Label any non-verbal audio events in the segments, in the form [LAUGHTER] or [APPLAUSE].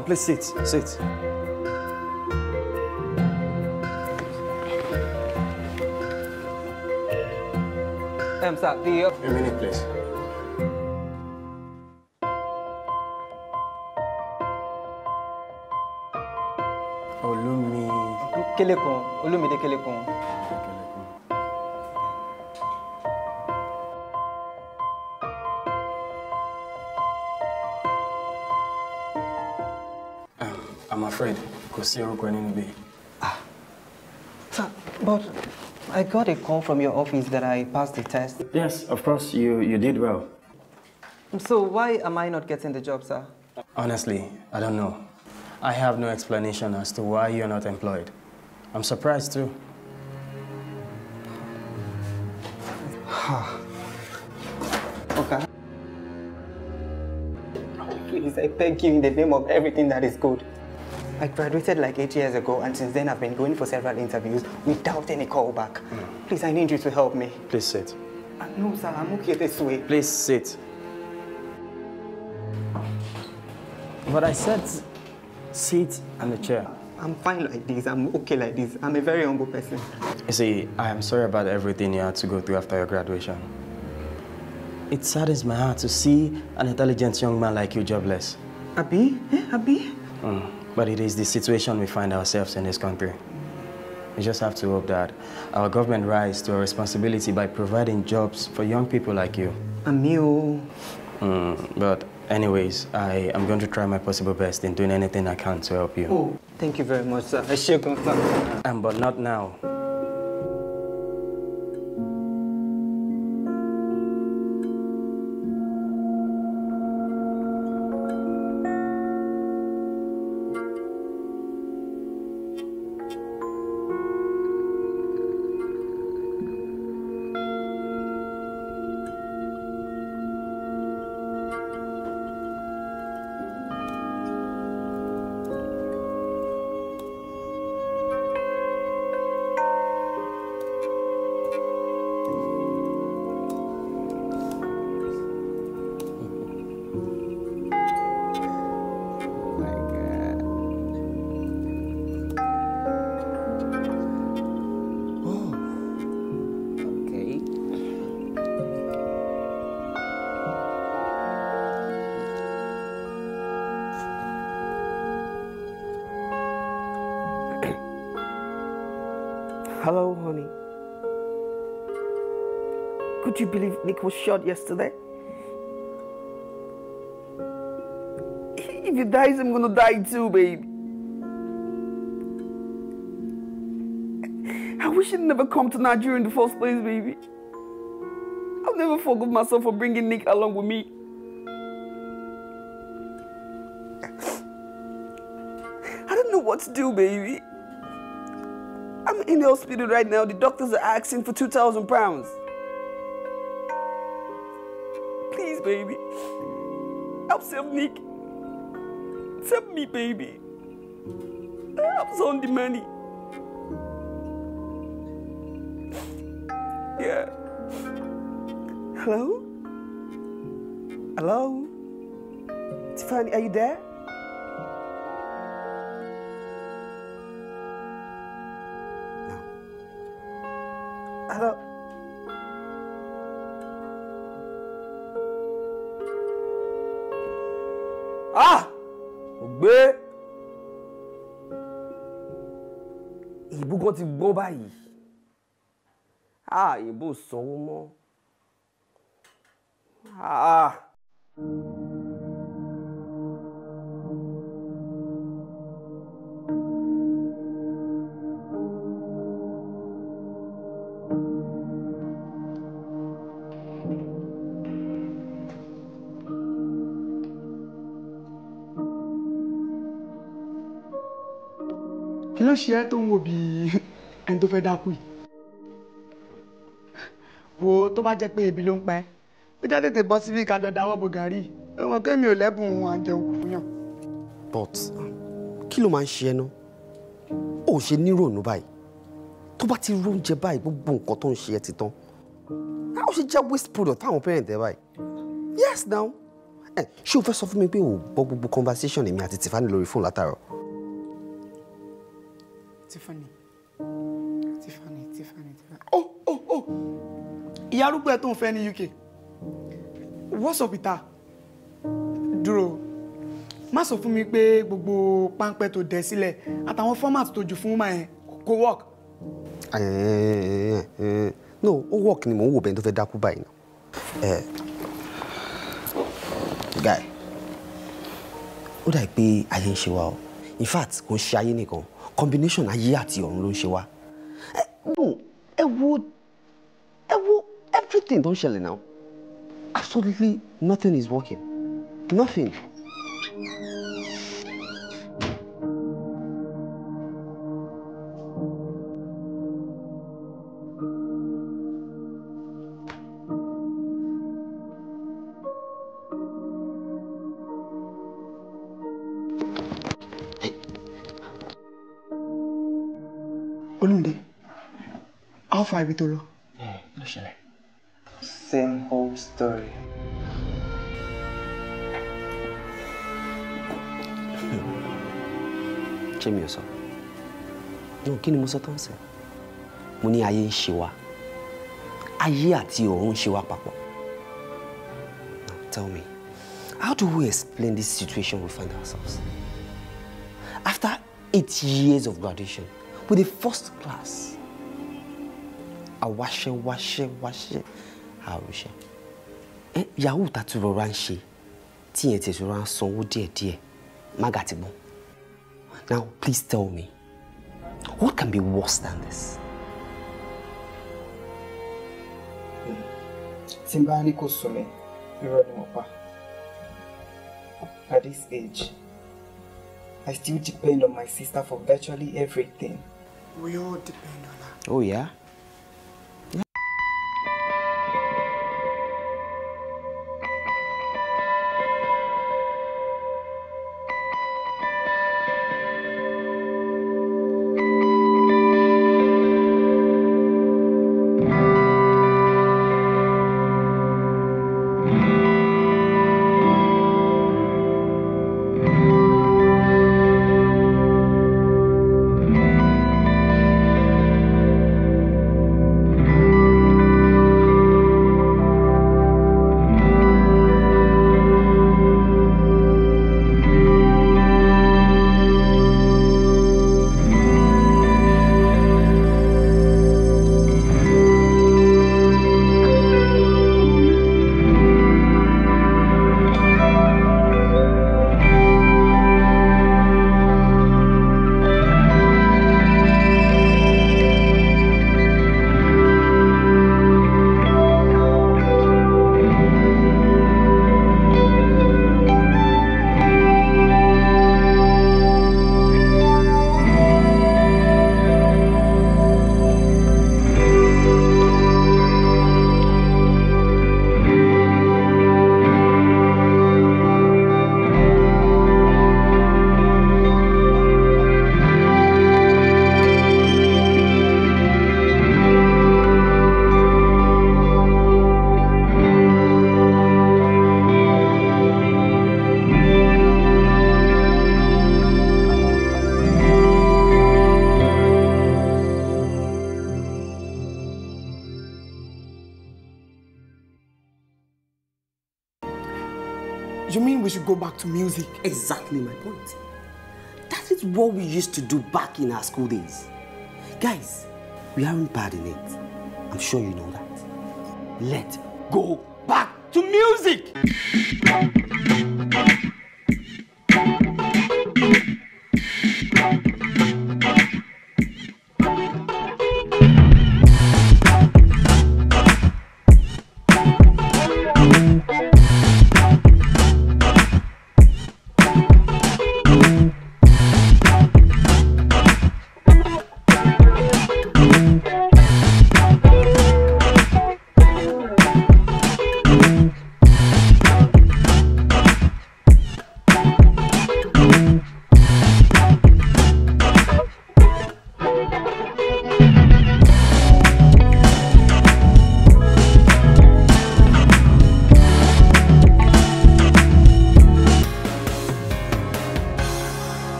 down. Please sit. Sit. Um, sir, the... A minute, please. Olumi... Kelekon. de Kelekon. kò sí orúkọ nínú Sir, but I got a call from your office that I passed the test. Yes, of course, you, you did well. So why am I not getting the job, sir? Honestly, I don't know. I have no explanation as to why you're not employed. I'm surprised too. [SIGHS] okay. Please, I beg you in the name of everything that is good. I graduated like eight years ago, and since then I've been going for several interviews without any callback. Mm. Please, I need you to help me. Please sit. Uh, no, sir, I'm okay this way. Please sit. But I said sit on the chair. I'm fine like this. I'm okay like this. I'm a very humble person. You see, I am sorry about everything you had to go through after your graduation. It saddens my heart to see an intelligent young man like you jobless. Abi? Eh, Abi? Mm. But it is the situation we find ourselves in this country. We just have to hope that our government rise to a responsibility by providing jobs for young people like you. A meal. Mm, but anyways, I am going to try my possible best in doing anything I can to help you. Oh, thank you very much, sir. I shall confirm. Um, but not now. Nick was shot yesterday. If he dies, I'm gonna die too, babe. I wish he'd never come to Nigeria in the first place, baby. I'll never forgive myself for bringing Nick along with me. I don't know what to do, baby. I'm in the hospital right now. The doctors are asking for 2,000 pounds. help save Nick. Save me, baby. I have sold the money. Yeah. Hello? Hello? Tiffany, are you there? Hello? ah mo gbé ìbú gan ti gbọ́n báyìí ah ìbú sanwó mọ́ ah. ah. ṣe ẹ́ tó ń wò bí ẹni tó fẹ́ dákú yìí wo tó bá jẹ́ pé ebi ló ń pa ẹ́ ó já tètè bọ́ síbí ká jọ dáwọ́ bo gàrí ọmọ kémi ò lẹ́bùn òun àjẹun kò yàn. but kí ló máa ń ṣe ẹnu ó ṣe níròònú báyìí tó bá ti róúnjẹ báyìí gbogbo nǹkan tó ń ṣe ẹ ti tán ó ṣe jẹ́ waste product táwọn parent ẹ báyìí yes now ṣé o fẹ́ sọ fún mi pé o gbọ́ gbogbo conversation èmi àti Tiffany lórí fóònù látàárọ̀. Tiffany Tiffany Tiffany Tiffany oh oh oh ìyá arúgbó ẹ tó ń UK what's up with Duro. dúró má sọ fún mi pé gbogbo páńpẹ́ tó dẹ sílẹ̀ àtàwọn format tó jù fún máa yẹn kò work. no ó work ni mo ń wò bẹ́ẹ̀ tó fẹ́ dákú báyìí náà. guy ó dà pé ayé ń wa o in fact kò ń ṣe ayé combination ayé àti ọ̀run ló ń ṣe wá ẹ wo ẹ wo ẹ wo everything don ṣẹlẹ̀ now absolutely nothing is working nothing. fà ibi tó lọ. same old story. ṣé mi ò sọ náà kí ni mo sọ tó ń sẹ mo ní ayé ń ṣe wa ayé àti ọ̀run ń ṣe wa papọ̀ now tell me how do we explain this situation we find ourselves after eight years of graduation with a first class àwaṣẹ waṣẹ ẹ yahoo ta tún rọra ń ṣe tí yẹn ti rọra ń sanwó díẹ̀díẹ̀ maga ti gbọ́n now please tell me what can be worse than this. tí n bá ní kò sùn mí irọ́ ni mo pa at this age I still depend on my sister for virtually everything. We all depend on her. Oh yeah. music. Exactly my point. That is what we used to do back in our school days. Guys, we aren't bad in it. I'm sure you know that. Let go.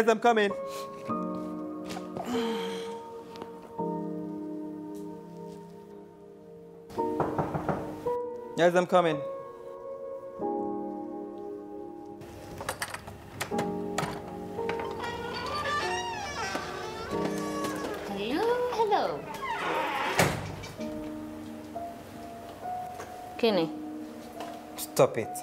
Yes, I'm coming. Yes, I'm coming. Hello, hello. Kenny. Stop it.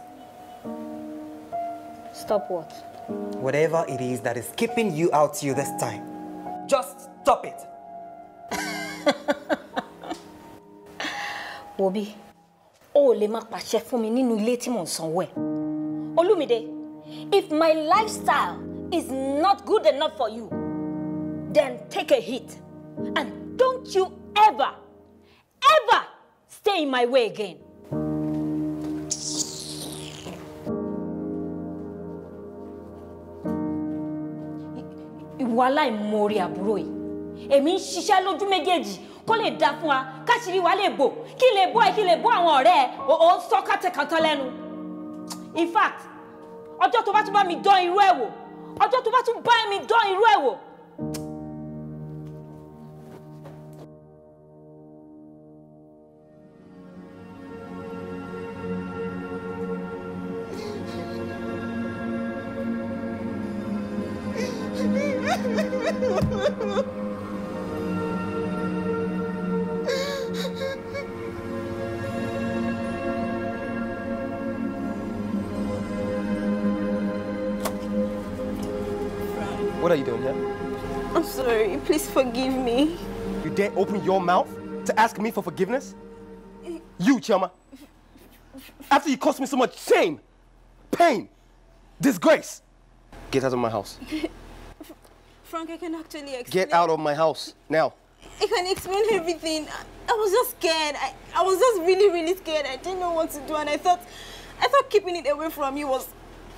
Stop what? Whatever it is that is keeping you out here this time, just stop it. [LAUGHS] Wobi, Oh, lè má pa chef mi nínú ilé tí mò ń sanwó Olúmide, if my lifestyle is not good enough for you, then take a hit and don't you ever, ever stay in my way again. ìwà aláìmoore àbúrò yìí èmi ń ṣiṣẹ́ lójú méjèèjì kó lè dáa fún wa káṣírí wa lè bò kí lè bọ́ ẹ kí lè bọ́ àwọn ọ̀rẹ́ ẹ ò ń sọ kàtẹ́kàtọ́ lẹ́nu in fact ọjọ́ tó bá tún bá mi dán irú ẹ̀ wò ọjọ́ tó bá tún bá mi dán irú ẹ̀ wò What are you doing here? I'm sorry. Please forgive me. You dare open your mouth to ask me for forgiveness? You, Chama. After you caused me so much shame, pain, disgrace. Get out of my house. [LAUGHS] Frank, I can actually explain. Get out of my house, now. I can explain everything. I was just scared. I, I was just really, really scared. I didn't know what to do and I thought, I thought keeping it away from you was,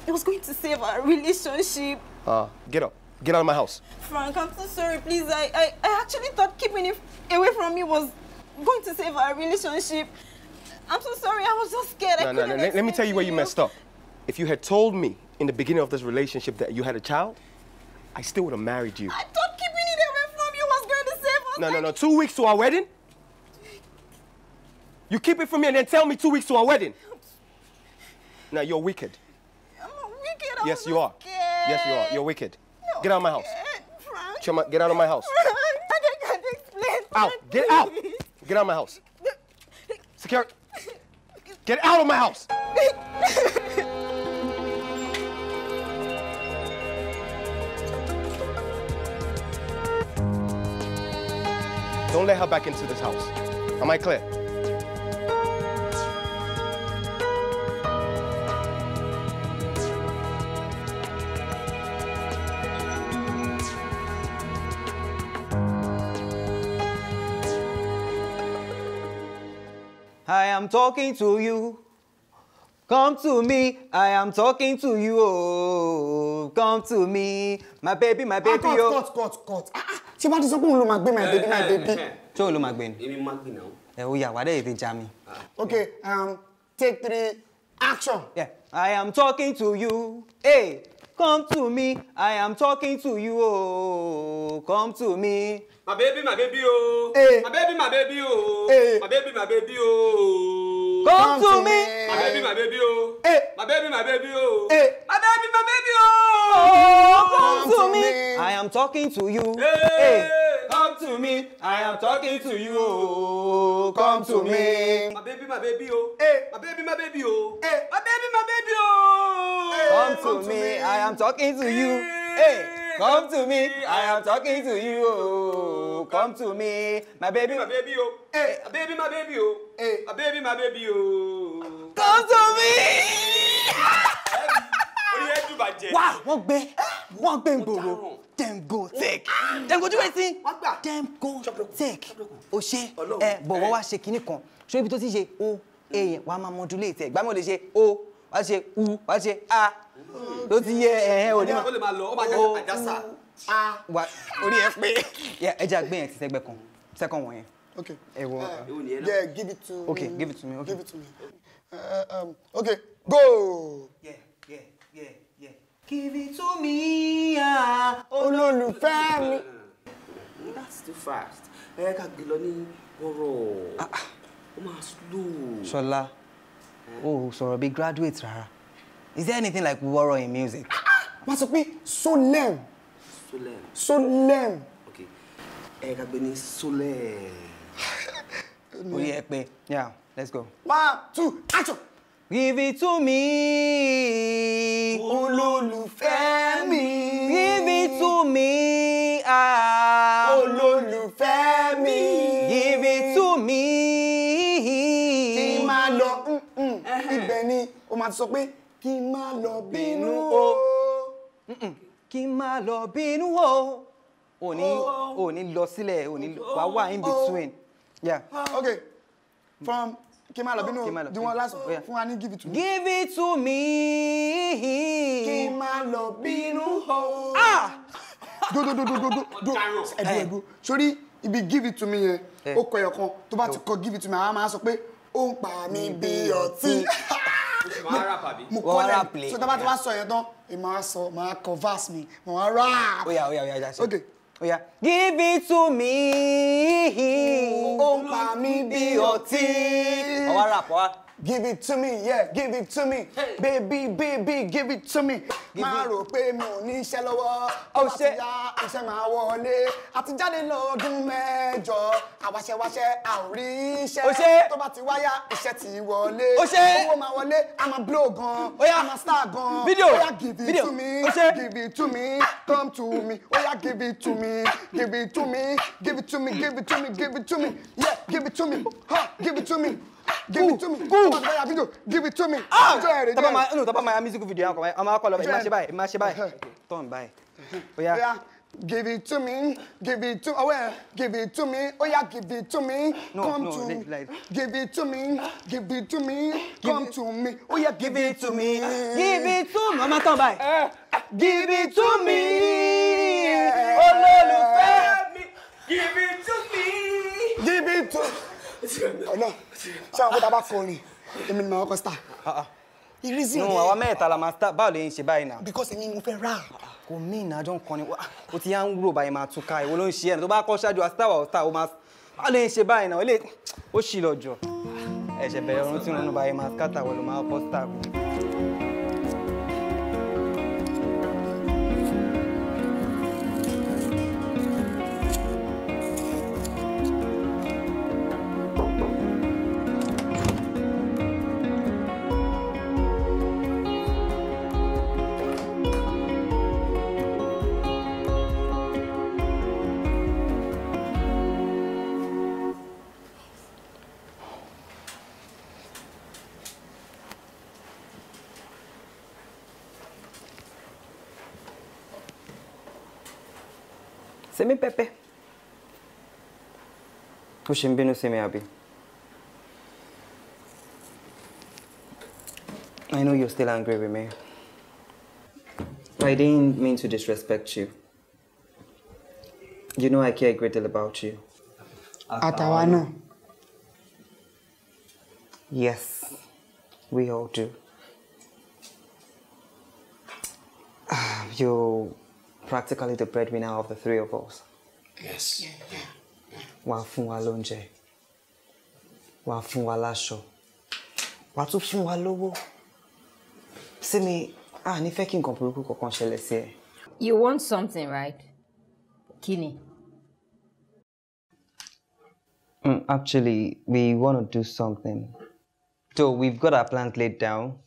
it was going to save our relationship. Ah, uh, get up. Get out of my house. Frank, I'm so sorry, please. I, I, I actually thought keeping it away from me was going to save our relationship. I'm so sorry. I was just scared. No, I no, no. Let, let me tell you where you, you messed up. If you had told me in the beginning of this relationship that you had a child, I still would have married you. I thought keeping it away from you was going to save us. No, no, no. Two weeks to our wedding? You keep it from me and then tell me two weeks to our wedding. Now, you're wicked. I'm not wicked. I yes, you are. Scared. Yes, you are. You're wicked. Get out of my house. Frank. get out of my house. Frank, I can't explain. Out. Get out. Get out of my house. Secure. Get out of my house. Don't let her back into this house. Am I clear? am talking to you. Come to me, I am talking to you. Oh, come to me, my baby, my baby. Ah, cut, oh. cut, cut, cut. Ah, ah. Tí bá ti sọ pé òun ló máa my baby, my eh, eh, baby. Eh, Ṣé òun ló máa gbé ni? Èmi máa gbé náà. Ẹ o yà wádẹ́ èdè já mi. Ah. Okay, um, take three, action. Yeah. I am talking to you. Hey. Come to me, I am talking to you, oh, come to me. My baby, my baby, oh. Hey. Eh. My baby, my baby, oh. Hey. Eh. My baby, my baby, oh. Eh. come to me. my baby my baby oh, Eh. my baby my baby oh, Eh. my baby my baby Oh, come, come to me. me. I am talking to you. Hey. Hey. Come to me, I am talking to you. Oh, come to me. My baby, my baby, oh. Hey. My baby, my baby, oh. Hey. My baby, my baby, oh. Hey. Come, come to, to me. me, I am talking to hey. you. Hey. Come to me, I am talking to you. Come to me, my baby. My baby, oh. Hey. Eh. baby, my baby, oh. Hey. Eh. My baby, my baby, oh. Come to me. [LAUGHS] Orí ẹ dùn bàjẹ́. Wá wọ́n gbé gbòòrò. Dem go take. Dem go do wetin? Dem go take. O ṣe ẹ bọ̀wọ́ wá ṣe kinní kan. Ṣé ibi tó ti ṣe o èèyàn wàá máa modulate ẹ̀ gbàmọ̀ lè ṣe o wàá ṣe u wàá ṣe a ló ti yẹ ẹ̀hẹ́ òní ma o a wà orí ẹ pé ẹja gbé yẹn ti sẹ́gbẹ̀ kan sẹ́kàn wọ̀nyẹn. okay ẹ̀wọ̀ yeah give it to me okay give it to me okay give it to me uh, um, okay go. Yeah, yeah, yeah, yeah. give it to me olólùfẹ́ mi. Hmm, that's too fast ẹ ká gbé lọ ní ọ̀rọ̀ ah, ah. ó máa slow. ṣọlá. So Oh, ò sọ̀rọ̀ bíi graduate rárá is there anything like wọ́rọ̀ in music. má ah, ah, sọ pé solemn solemn solemn. ok ẹ ká gbé ní solemn. [LAUGHS] orí ẹ pé yeah let's go. one two action. Give it to me. Olólùfẹ́ mi. Give it to me. Ah. Olólùfẹ́ mi. Give it to me. máa ti sọ pé kí n má lọ bínú o kí n má lọ bínú o ò ní lọ sílẹ̀ ò wà wà in between yeah. from kí n má lọ bínú o di wọn last fún wa ní give it to me. give it to me. kí n má lọ bínú o. Ah! do do do do do do [LAUGHS] ẹdú ẹdú sórí ibi give it to me yẹn eh. ó kọ kan tó bá ti eh. kọ give it to me àwọn máa sọ pé ó ń pa mí bí ọtí. [LAUGHS] mo kọ́ lẹ́nu so tí a sọ yẹn tán èmi sọ màá kọ verse mi màá rap. oya oya oya that's it. okay. oya. give it to me. ó ń pa mí bí ọtí. ọwọ́ rap wa. Give it to me, yeah, give it to me. Hey. Baby, baby, give it to me. Máa rò pé mi ò ní iṣẹ́ lọ́wọ́. Ó ṣe ya iṣẹ́ máa wọlé. Àtijáde lọ́dún mẹ́jọ. Àwáṣẹwáṣẹ a ò rí iṣẹ́. Ó ṣe. Tó bá ti wáyà, iṣẹ́ ti wọlé. Ó ṣe. Owó máa wọlé, a máa blow gan. Ó yá. A máa star gan. Fídíò. Ó yá give it Video. to me. Ó ṣe. Give it to me, come to me. Ó yá give it to me, give it to me, give it to me, give it to me, give it to me. Yeah, give it to me, huh, give it to me. Give it to me. Give it to me. Give it to me. Ah. Joy, joy. Ma, no, tapa ma music video yanko. Ama wa kola. Ima ṣe báyìí. Ima ṣe báyìí. Turn báyìí. Oya. Yeah. Give it to me, give it to oh well, give it to me, oh yeah, give it to me, no, come no, to me, like, give it to me, give it to me, give come it, to me, oh yeah, give it to me, give it to me, mama turn báyìí, uh, give it to me, olólùfẹ́ mi, give it to me, give it to me ọ̀nà ṣé àwọn kọ́ta bá kọrin èmi ni màá kọ́ star. the reason no àwa mẹ́ta la máa star báwo lè ń ṣe báyìí náà. because èmi mo fẹ́ rà. Ah, ah. kò mí ìnà àjọ ń kọrin o ti yá ń rò báyìí máa túká ìwọ ló ń ṣe ẹ̀ tó bá kọ́ ṣáájú star. táwa ọ̀tá o máa báwo lè ń ṣe báyìí náà ó ṣì lọ jọ ẹ̀ṣẹ̀ bẹ̀rẹ̀ ọ̀run tí ronú báyìí máa kátà wọ̀ ló máa kọ́ star. Pushing binu se Abi. I know you're still angry with me. I didn't mean to disrespect you. You know I care a great deal about you. Atawano. Yes, we all do. Ah, you're practically the breadwinner of the three of us. Yes. Yeah fún wa lóúnjẹ fún wa láṣọ tún fún wa lówó sí mi a ní fẹ́ kí nǹkan burúkú kankan ṣẹlẹ̀ sí ẹ. you want something right kí ni. Mm, actually we wanna do something so we've got our plans laid down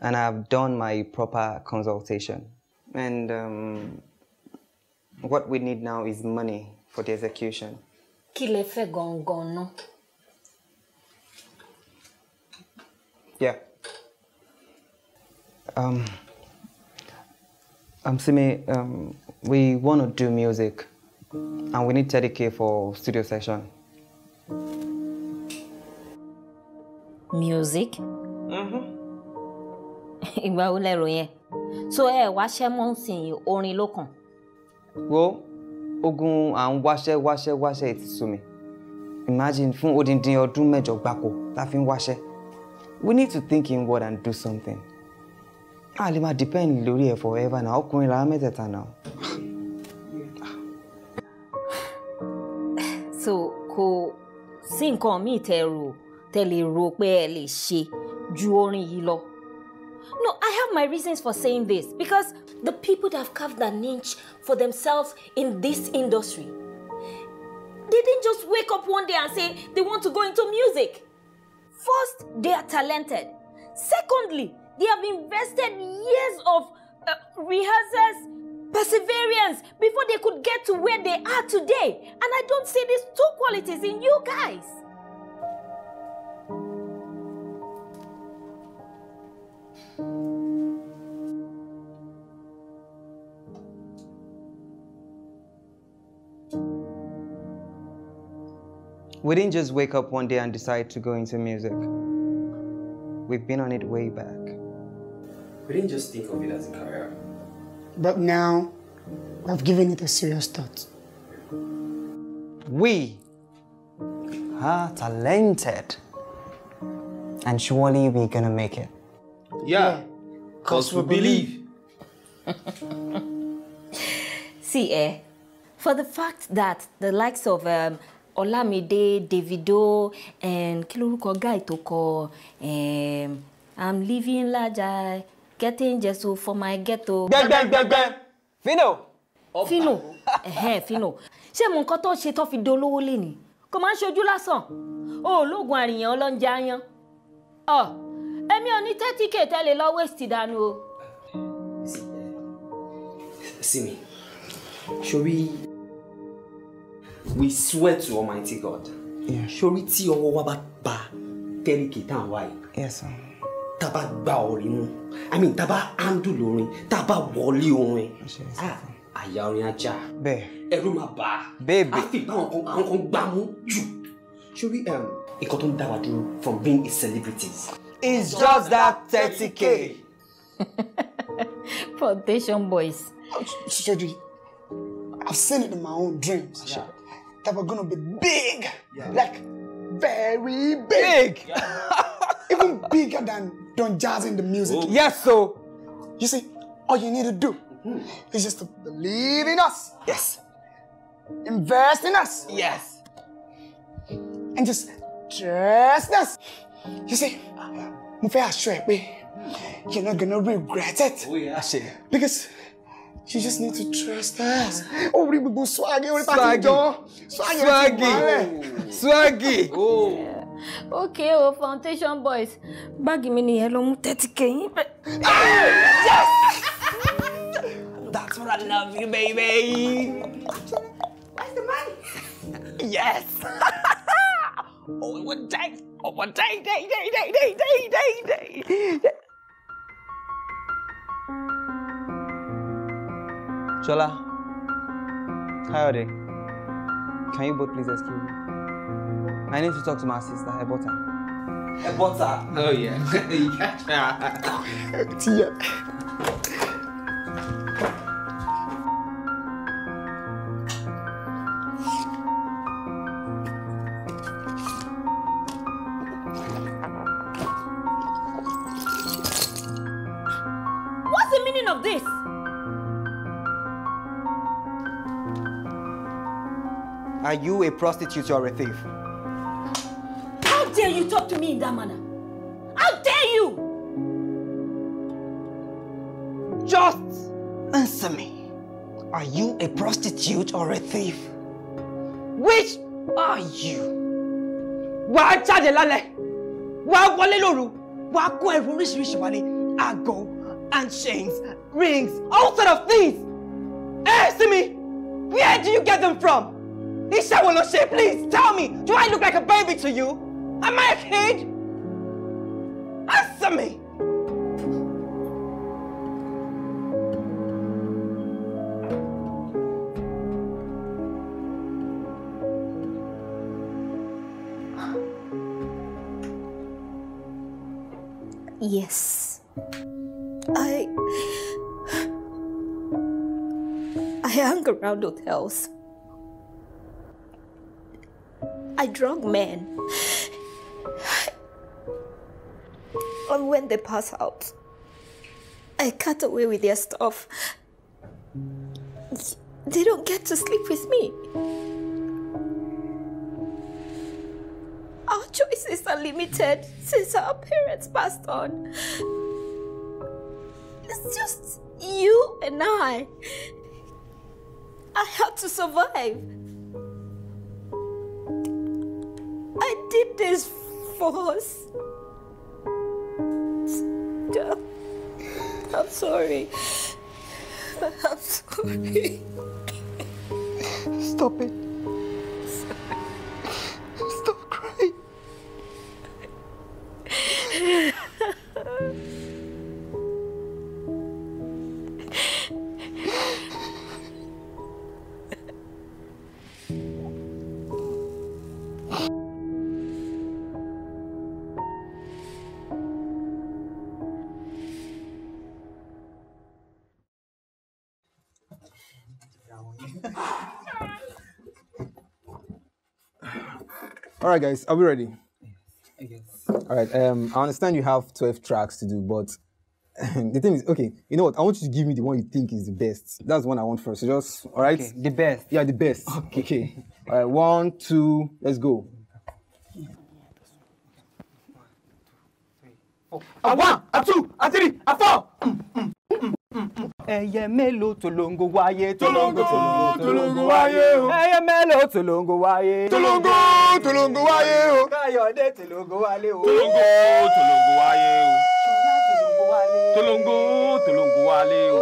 and I've done my proper consultation. And um, what we need now is money for the execution. kí lẹ fẹ́ gangan náà. yeah um, um Simi um, we want to do music and we need 30k for studio session. music. Mm-hmm. [LAUGHS] ìgbà wo lẹ rò yẹn so ẹ wá ṣẹ́ mọ́ sí orin ló Well, ogun à ń wáṣẹ́ wáṣẹ́ ti sú mi imagine fún odindi ọdún mẹ́jọ gbáko la fi ń wáṣẹ́ we need to think inward and do something a lè máa depend lórí ẹ̀ forever na ọkùnrin làwọn mẹ́tẹ̀ẹ̀ta náà. so kò sí nǹkan míì tẹ́ rò tẹ́ lè rò pé ẹ lè ṣe ju orin yìí lọ. no i have my reasons for saying this because the people that have carved a niche for themselves in this industry. They didn't just wake up one day and say they want to go into music. First, they are talented. Secondly, they have invested years of uh, rehearsals, perseverance before they could get to where they are today. And I don't see these two qualities in you guys. We didn't just wake up one day and decide to go into music. We've been on it way back. We didn't just think of it as a career. But now, I've given it a serious thought. We are talented. And surely we're gonna make it. Yeah, because we believe. believe. [LAUGHS] See, eh, for the fact that the likes of um, Olamide, Davido, and kí lorúkọ guy tó kọ I'm living laja getting jesu for my ghetto. Gbẹgbẹgbẹgbẹ. Fino. Fino. Fino. Ṣé mo nǹkan tó ṣe tó fi dolówó lè ní? Kò máa ń ṣojú lásán. Oògùn àrìyàn ọlọ́njẹ ayan. Ọ̀ ẹ̀mí ò ní thirty k tẹ́lẹ̀ lọ waste dànù o. Simi, ṣorí we swear to almighty god sori tí ọwọ́ wa bá ba tẹ́ríkì tá à ń wá yìí tá a bá gba orin mú i mean tá a bá handle orin tá a bá wọlé orin ah, àyà orin ajá ẹ̀rù máa bá a fi bá àwọn kan gbá mú jù sori um, nǹkan tó ń dá wa dúró from being a celebrity. it's just that thirty k. Foundation boys. Shadi, I've seen it in my own dreams. Yeah. that were gonna be big, yeah. like very big, big. Yeah. [LAUGHS] even bigger than Don Jazz in the music. Ooh. Yes, so you see, all you need to do mm -hmm. is just to believe in us. Yes. Invest in us. Yes. And just trust us. You see, mo fẹ́ assure pé you're not gonna regret it. Oh yeah. Because. She just need to trust us. Ó rí gbogbo swaggy orí pàtó jọ. Swaggy rẹ̀ ti wálẹ̀. Ok oh foundation boys, báàgì mi nìyẹn ló mú thirty k ah, Yes! That's what I love you baby. Where's the money? Yes! [LAUGHS] Oh one day, oh one day, day, day, day, day, day, day. Chola. hi Ore. Can you both please excuse me? I need to talk to my sister, Ebota. Ebota? Oh yeah. [LAUGHS] yeah. Are you a prostitute or a thief? How dare you talk to me in that manner? How dare you? Just answer me. Are you a prostitute or a thief? Which are you? Wa jáde lálẹ́, wa wọlé lóru, wàá kó ẹrù oríṣiríṣi wálé, àgọ́, and chains, rings, all sort of things. Answer me. where do you get them from? Isha Woloshe, please tell me, do I look like a baby to you? Am I a kid? Answer me! Yes. I. I hang around hotels a drunk man. And when they pass out, I cut away with their stuff. They don't get to sleep with me. Our choices are limited since our parents passed on. It's just you and I. I had to survive. I did this force. I'm sorry. I'm sorry. Stop it. All right, guys, are we ready? Yes. All right. Um, I understand you have twelve tracks to do, but [LAUGHS] the thing is, okay, you know what? I want you to give me the one you think is the best. That's the one I want first. So just, all right? Okay, the best. Yeah, the best. Okay. okay. All right, one, two, let's go. A one, a two, a three, a ah, ah, ah, four. Mm, mm, ẹyẹ mélòó tolongo wáyé tolongo tolongo wáyé o ẹyẹ mélòó tolongo wáyé tolongo tolongo wáyé o káyọ̀dé tolongo wálé o tolongo tolongo wáyé o tolongo tolongo wálé o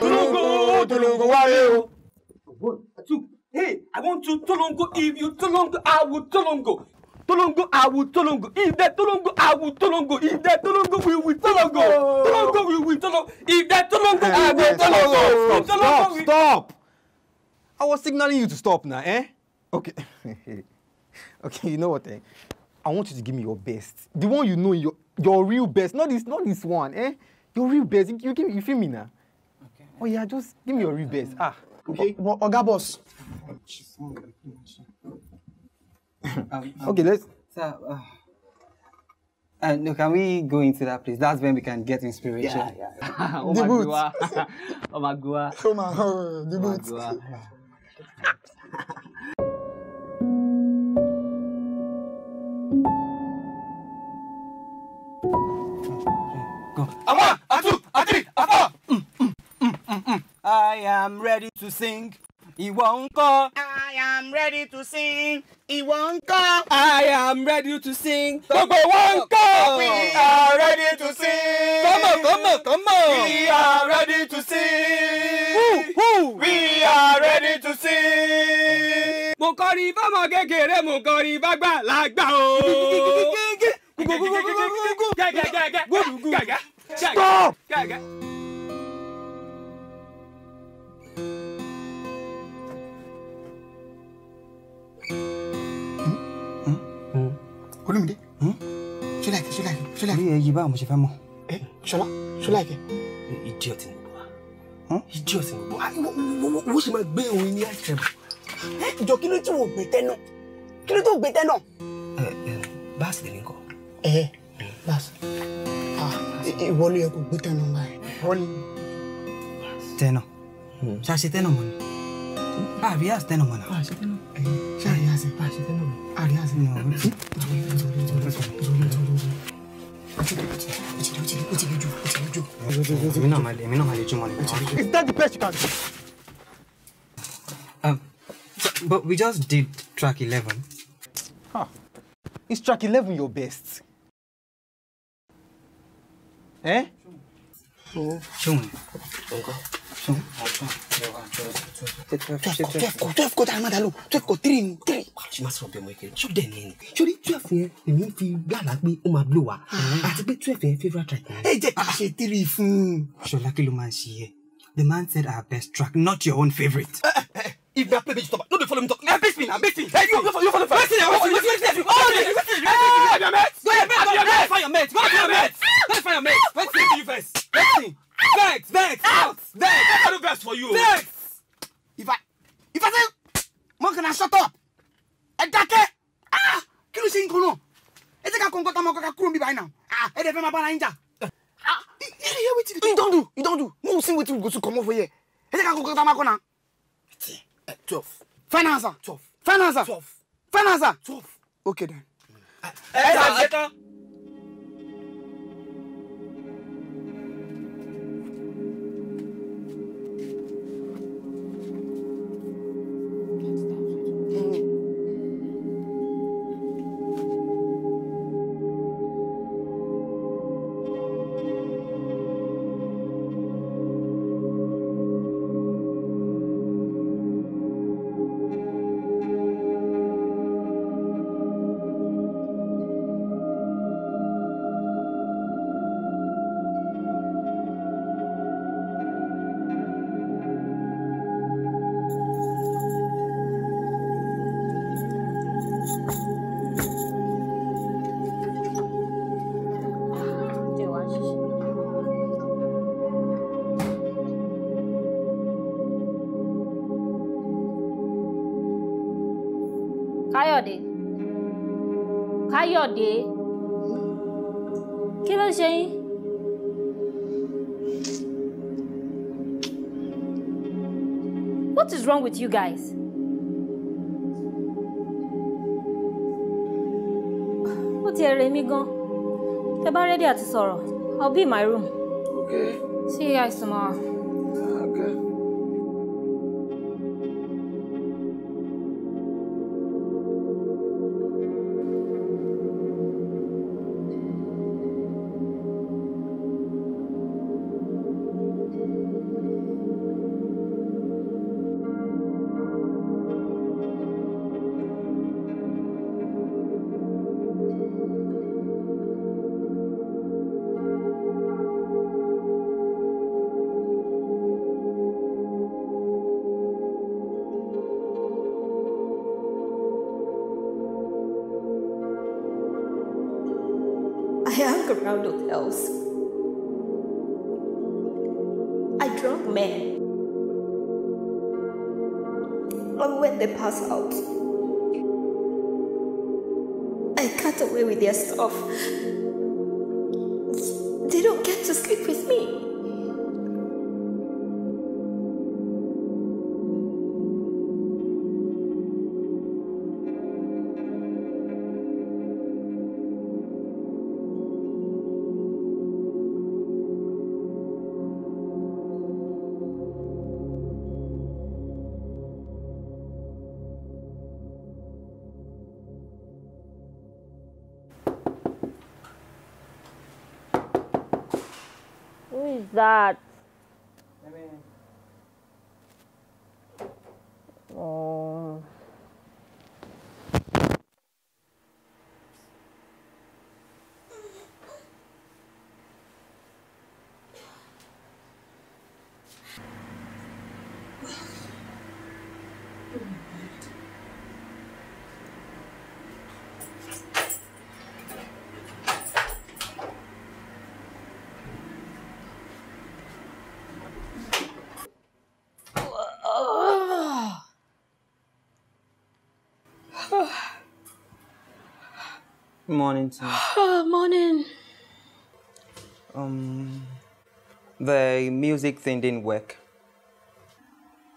tolongo tolongo wáyé o. Hey, I want to tolongo if you tolongo, I will tolongo. Tolongo, I will Tolongo. If that Tolongo, I will Tolongo. If that Tolongo, we will Tolongo. Tolongo, we will Tolongo. If that Tolongo, I will Tolongo. Stop, stop, stop. I was signaling you to stop now, eh? Okay. [LAUGHS] okay, you know what, eh? I want you to give me your best. The one you know, your, your real best. Not this, not this one, eh? Your real best. You, give, you feel me now? Okay. Oh, yeah, just give me your real best. Ah. Okay. Oga boss. Um, [LAUGHS] um, okay, let's. Sir, uh, uh, no, can we go into that place? That's when we can get inspiration. Yeah, yeah. [LAUGHS] [LAUGHS] oh, the my boot. oh my god. Oh my god. Oh my, God. the boot. Oh my I am ready to sing. Ìwọ ńkọ́. I am ready to sing. Ìwọ ńkọ́. I am ready to sing. Gbogbo wọn ńkọ́. We are ready to sing. Kọ́mọ̀ kọ́mọ̀ kọ́mọ̀. We are ready to sing. Woo, woo. We are ready to sing. Mo kọrin fọ́mọ kékeré, mo kọrin fágbà lágbà o. Gẹ́gẹ́ gẹ́gẹ́ gẹ́gẹ́ gẹ́gẹ́ gẹ́gẹ́ gẹ́gẹ́ gẹ́gẹ́ gẹ́gẹ́. Stop! Gẹ́gẹ́. olúmídé ṣọlá ìkẹ́ ṣọlá ìkẹ́ ṣọlá ìkẹ́. orí ẹyí báwo mo ṣe fẹ́ mọ̀. ẹ eh, ṣọlá ṣọlá ìkẹ́. idiot ni gbogbo wa hmm? idiot ni gbogbo wa wo ṣe máa gbé orin ní àìsàn. ẹ jọ kí ló tí wò gbé tẹ́ náà kí ló tó gbé tẹ́ náà. Eh, eh, báàsì lè ní kọ. ẹ hmm. báàsì ah, ìwọ ló yẹ kó gbé tẹ́ náà báyìí. tẹ́ náà hmm. ṣáṣe tẹ́ náà mọ́ ni. Arias tẹnu mọ̀ náà. Àṣẹ tẹnu. Is that the best you can do? Um, but we just did track 11. Huh. Is track 11 your best? Eh? Ṣé òun? Ṣé òun? two and two. twelve kọ twelve kọ tá a máa dá lò twelve kọ three ni three. ṣe máa sọ̀rọ̀ bẹ́ẹ̀ mọ ìkẹyẹ ṣó dẹ̀ ní ẹni. sórí twelve yẹn èmi ń fi gbàlá pé ó máa blow wa ah. àti pé twelve yẹn favourite track náà. Hmm. ẹ jẹ́ ká ṣe three fún un. ṣọlá kí ló máa ń ṣe yẹ the man said our best track not your own favourite. Eh, eh, eh. If they are playing stop, no dey follow me talk. Now beat me, now beat me. Hey, you, you follow, you follow first. Listen, listen, listen, listen. Oh, listen, listen, listen. Go your mate. Go your mate. Go your mate. Go your mate. Go your mate. Go your mate. Let's find your mate. Let's see you first. Let's see vex vex out vex i do best for you vex if i if i say monkey na shut up ẹ ah kí ló ṣe ń kunu ẹ jẹ́ ká kó nǹkan tó ah ẹ dẹ̀ fẹ́ máa ah ẹ yẹ wetin you don't do you don't do mo sing wetin we go do comot for here ẹ jẹ́ ká kó nǹkan eh, twelve. final answer. twelve. final answer. twelve. final answer. twelve. okay then. Eh, ẹ ẹ káyọ̀dé kí ló ṣe yín. What is wrong with you guys? ó ti ẹ̀rẹ̀ mi gan tẹ́ bá rẹ́dí àti sọ̀rọ̀ I'll be in my room. Okay. See you guys tomorrow. Morning, [SIGHS] ah, Morning. Um, the music thing didn't work.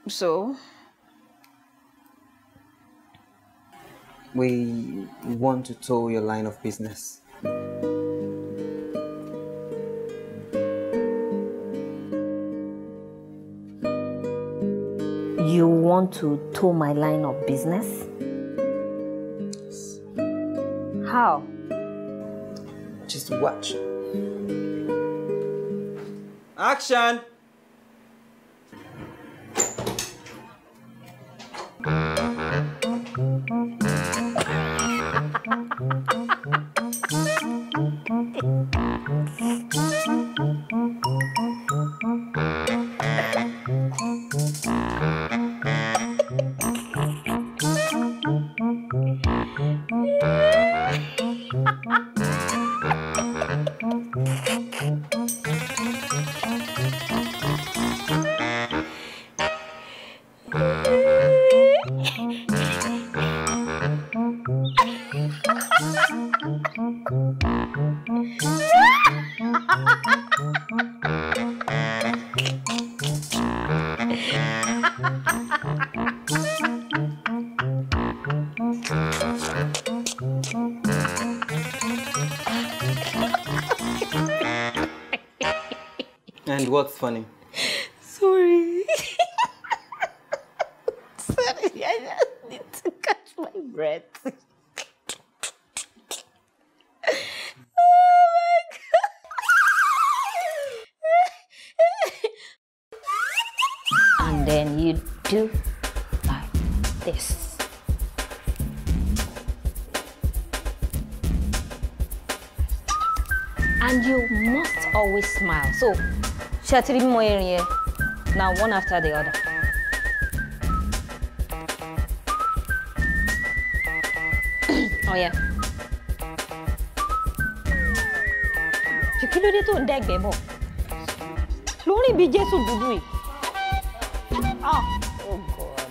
So? We want to tow your line of business. You want to tow my line of business? watch. Action! What's funny? Sorry. [LAUGHS] Sorry, I just need to catch my breath. [LAUGHS] Oh [LAUGHS] and then you do like this. And you must always smile. So ṣé ẹ ti rí mímọ erin now one after the other. oh yeah. kí ló dé tó ń dẹ́gbẹ́ bọ̀ lórí ibi jésù dúdú yìí. ah oh god.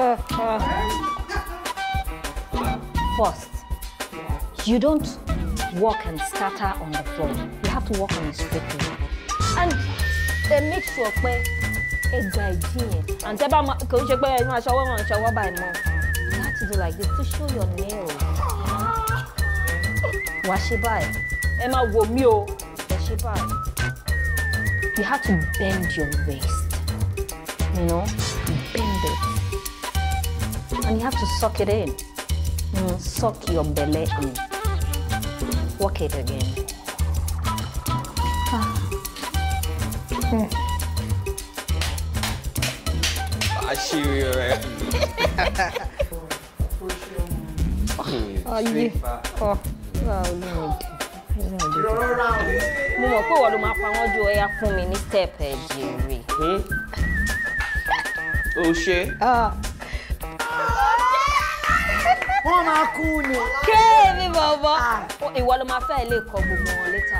Ah, ah. First, you don't walk and scatter on the floor. You have to walk on a straight line. And they mixture of pé ẹgbà ìdí And tẹ́ bá kò ń ṣe pé ẹ máa by wọn You have to do like this to show your nails. Wàá ṣe báyìí. Ẹ máa wò mí o. You have to bend your waist. You know, bend it. And you have to suck it in. Mm, suck your belly in work it again. Ah. Mm. Àṣírí rẹ̀. Ayé ọ̀ láàlú ìdí. Rọra o. Mo mọ̀ pé ìwọ ló máa pa wọ́n ju ẹyà fún mi ní step ẹ̀ jèrè. Hmm? O ṣe. Ah. Wọ́n máa kú ni. Kéè bọ̀bọ̀ ah. ìwọ ló máa fẹ́ lè kọ gbogbo wọn létà.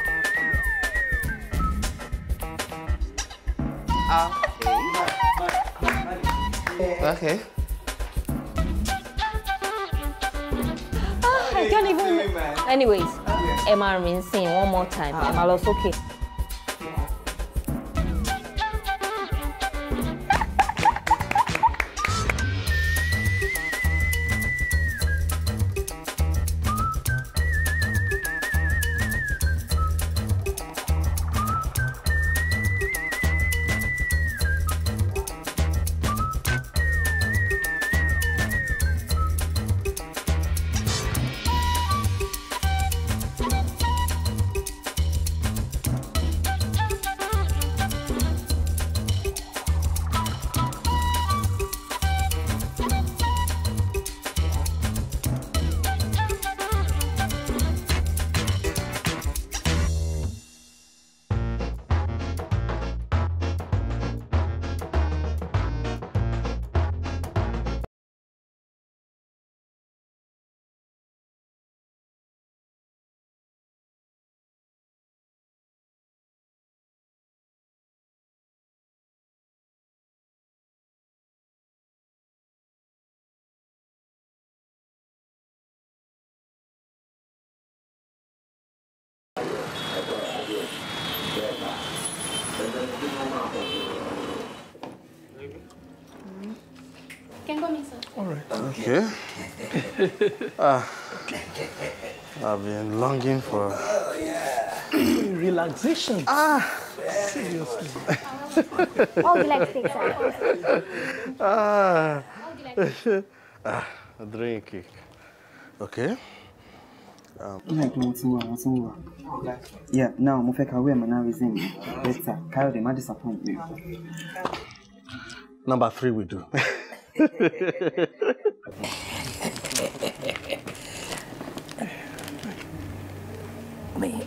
Ah, okay. Ah, ah, I can't even. Anyways, ẹ máa rìn sí one more time. Ẹ máa lọ sókè. Okay. uh, [LAUGHS] I've been longing for relaxation. Ah, seriously. All would [LAUGHS] Ah, ah, a drink. Okay. Um, like what's wrong, Yeah, now Mufeka, where my now is in. Better. Coyote might disappoint disappointment. Number three, we do. [LAUGHS] [LAUGHS] Me,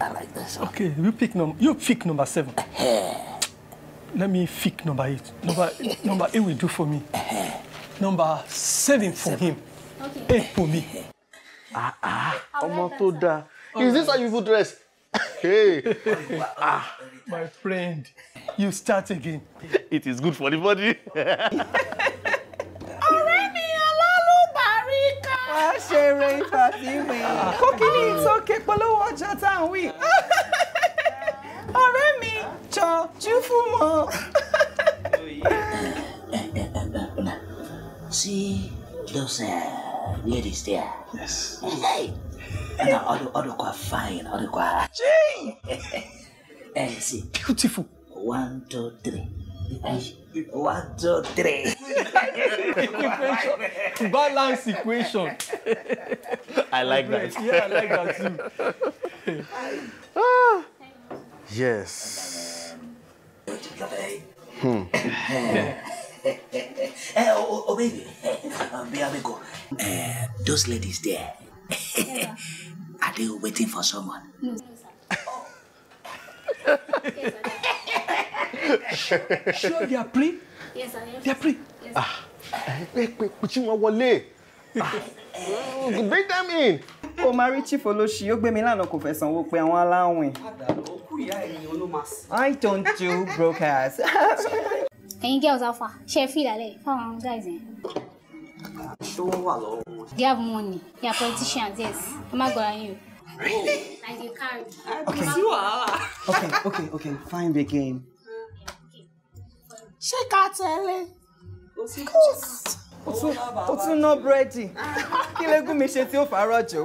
I like this one. Okay, you pick number. You pick number seven. [LAUGHS] Let me pick number eight. Number number eight will do for me. Number seven for seven. him. Okay. Eight for me. Ah ah. Ọmọ tó dáa. Is this how you put dress? [LAUGHS] hey. ah. My friend, you start again. It is good for the body. ṣeré ìfàtí mi kókìní ìtókè polówó ọjà tá à ń wí ọ̀rẹ́ mi jọjú fún mọ́. See those uh, ladies there? Yes. Hey! And all, all quite fine, all quite. Gee! hey, see. Beautiful. One, two, three. Hey. One, two, three. equation, [LAUGHS] balance equation. [LAUGHS] I like that. Yeah, I like that too. ah. [LAUGHS] Yes. Hmm. Eh, oh, oh, baby. Oh, uh, those ladies there. Are they waiting for someone? No, sir. Oh. sure they are praying. yes i am. they are praying. yes. ah ẹ pé tí wọ́n wọlé ah, mm, bring them in. o máa rí chief olóṣì ó gbé mi lánàá kò fẹ́ sanwó pé àwọn aláwìn. i don't do brokers. [LAUGHS] ẹ̀yin girls afa ṣe fi ìdálẹ̀ fáwọn guys come on, guys. wà lọ́wọ́. they have money they are politicians yes ẹ má gbọ́ra yín Really? Like you can't. Okay. Okay, okay, okay. Fine, the game ṣé ká tẹ̀lé. kò sí kò sí o tún ná búrẹ́dì [LAUGHS] kí lẹ́gùn mi ṣe tí ó fàárọ̀ jò.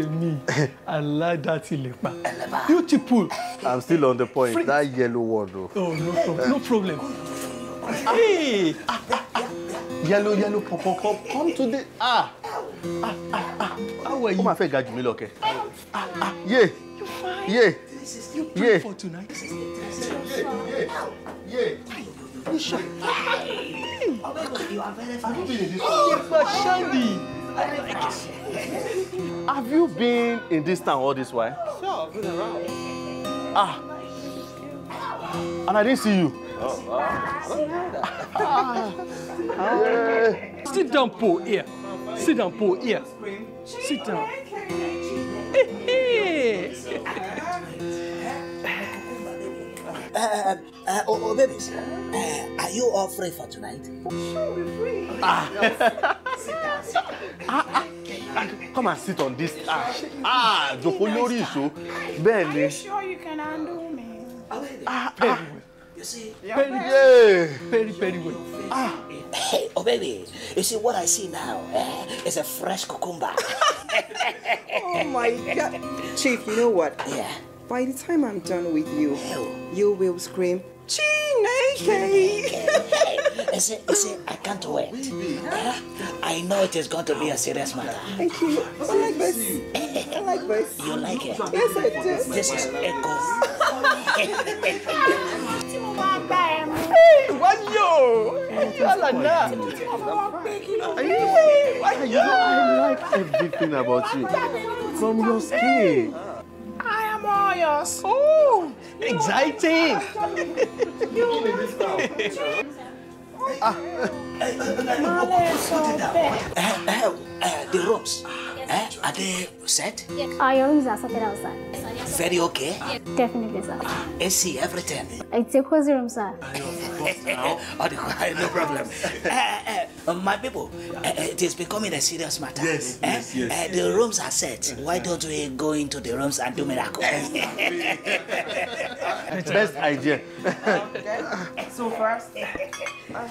èmi aládàtìlẹ́pà beautiful. i'm still on the point Free. that yellow one o. oh no problem no problem. Ah. hey. ah, ah, ah. yellow yellow pọpọ pop come to the ah ah ah ah how are you. ó máa fẹ́ ga jù mí lọ kẹ́. ah ah ye ye. You pray yeah. for tonight? Yeah, yeah, yeah, yeah. You should. Hey! You are very funny. Have you Yes, oh, Shandy. Have you been in this town all this while? Sure, I've been around. Ah. And I didn't see you. Oh, wow. ah. yeah. Sit down, Po. here. Sit down, Po. here. Sit down. hey. Uh, uh, oh, oh, babies, uh, are you all free for tonight? Sure, we're free. Ah. [LAUGHS] Ah, ah. come and sit on this. Ah, ah jòkó lórí ìṣó. Bẹ́ẹ̀ ni. Are you sure you can handle me? Oh, ah, ah. You see, very, yeah, very, very well. Ah. Hey, oh baby, you see what I see now eh, is a fresh cucumber. [LAUGHS] oh my God, Chief, you know what? Yeah. by the time I'm done with you, you will scream, Chineke! I say, I say, I can't wait. Huh? I know it is going to be a serious matter. Thank you. I like this. I like this. You like it? Yes, I do. This is echo. hey, what yo? Y'all are you? I like everything about you. From your skin. Oh, exciting. [LAUGHS] [LAUGHS] [LAUGHS] the ah. rooms, ah, eh, eh, eh, eh, are they set? Yes. Uh, your rooms are sorted Very okay? Yes. Ah. Definitely, sir. AC, everything. It's a cozy room, sir. [LAUGHS] Oh, no problem. uh, [LAUGHS] uh, my people, uh, it is becoming a serious matter. Yes, yes, yes. the rooms are set. Why don't we go into the rooms and do miracles? [LAUGHS] Best idea. So first... Um,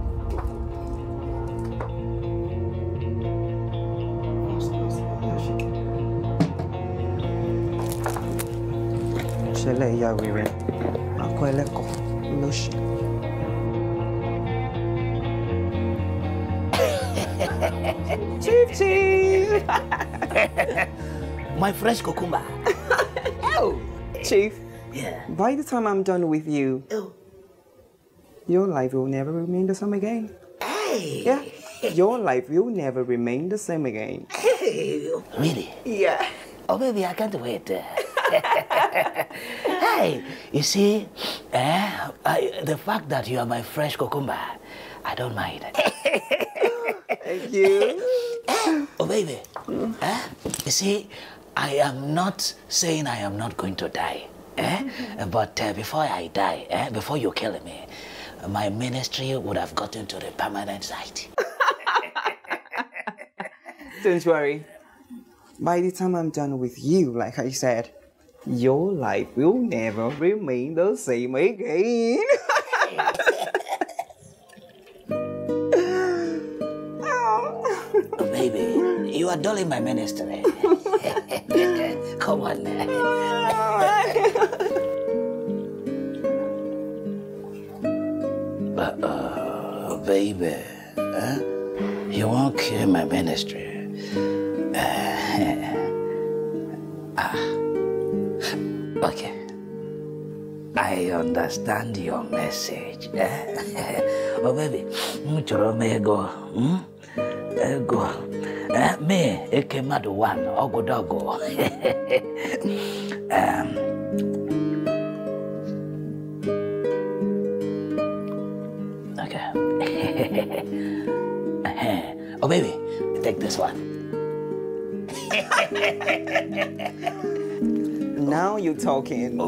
ṣẹlẹ̀ ìyá wèrè àkọ́ ẹlẹ́kọ̀ọ́ chief chief. my fresh cucumber. oh, chief. Yeah. By the time I'm done with you, oh. your life will never remain the same again. Hey. Yeah. Your life will never remain the same again. Hey. Really? Yeah. Oh, baby, I can't wait. [LAUGHS] hey, you see, eh, I, the fact that you are my fresh cucumber, I don't mind. [LAUGHS] Thank you. [LAUGHS] oh, baby, mm. eh, you see, I am not saying I am not going to die. Eh? But uh, before I die, eh, before you kill me, my ministry would have gotten to the permanent site. Don't worry. By the time I'm done with you, like I said, your life will never remain the same again. [LAUGHS] baby, you are dulling my ministry. [LAUGHS] Come on. but, [LAUGHS] uh, baby, you won't kill my ministry. Uh, ah. I understand your message. Eh? [LAUGHS] oh, baby, mm, chọrọ m mm? ego. Eh, ego. Eh, me, eke mmadụ one, ọgụdọgụ. [LAUGHS] Um, okay. [LAUGHS] oh, baby, take this one. now you're talking. Oh.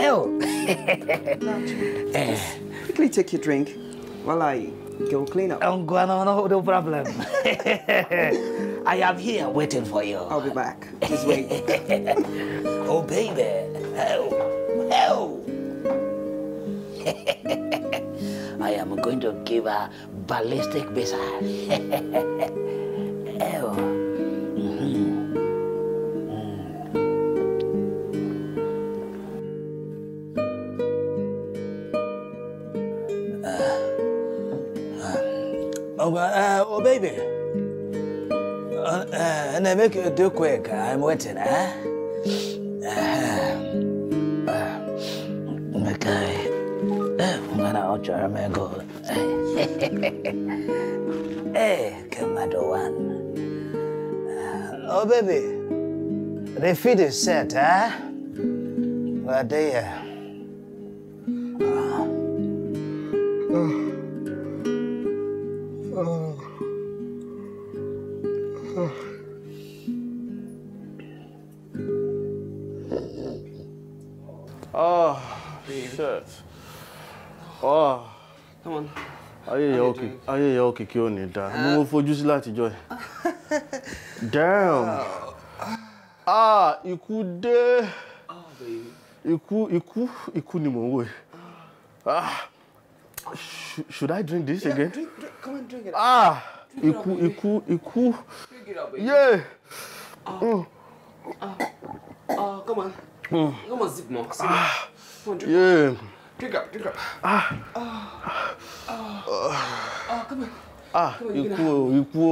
Oh! Quickly take your drink while I go clean up. Oh, no, no, no problem. [LAUGHS] I am here waiting for you. I'll be back. Just wait. [LAUGHS] oh, baby. Oh, [LAUGHS] oh. I am going to give a ballistic missile. oh. Oh, uh, uh, oh baby. Uh, I uh, make it do quick. I'm waiting, huh? Eh? Uh, uh, okay. Eh, I'm gonna watch her and go. hey, come on, one. Uh, oh, baby. The feed is set, huh? Eh? Well, there. Uh, Oh, shit. Oh. Come on. you ìyá you ayé you òkè kí ó ní da. Mo mo fojú sí látijọ́ ẹ̀. [LAUGHS] Damn. Ah, ikú dé. Ikú ikú ikú ni mò ń wò yìí. Ah, should I drink this again? Yeah, drink, drink. Come and drink it. Ah, drink iku, it iku, iku. Drink it up, baby. Yeah. Ah, mm. ah, ah, come on. Mm. Come on, zip more. ah, come on, drink yeah. Up. Drink up, drink up. Ah, ah, ah, ah, come on. Ah, come on, iku iku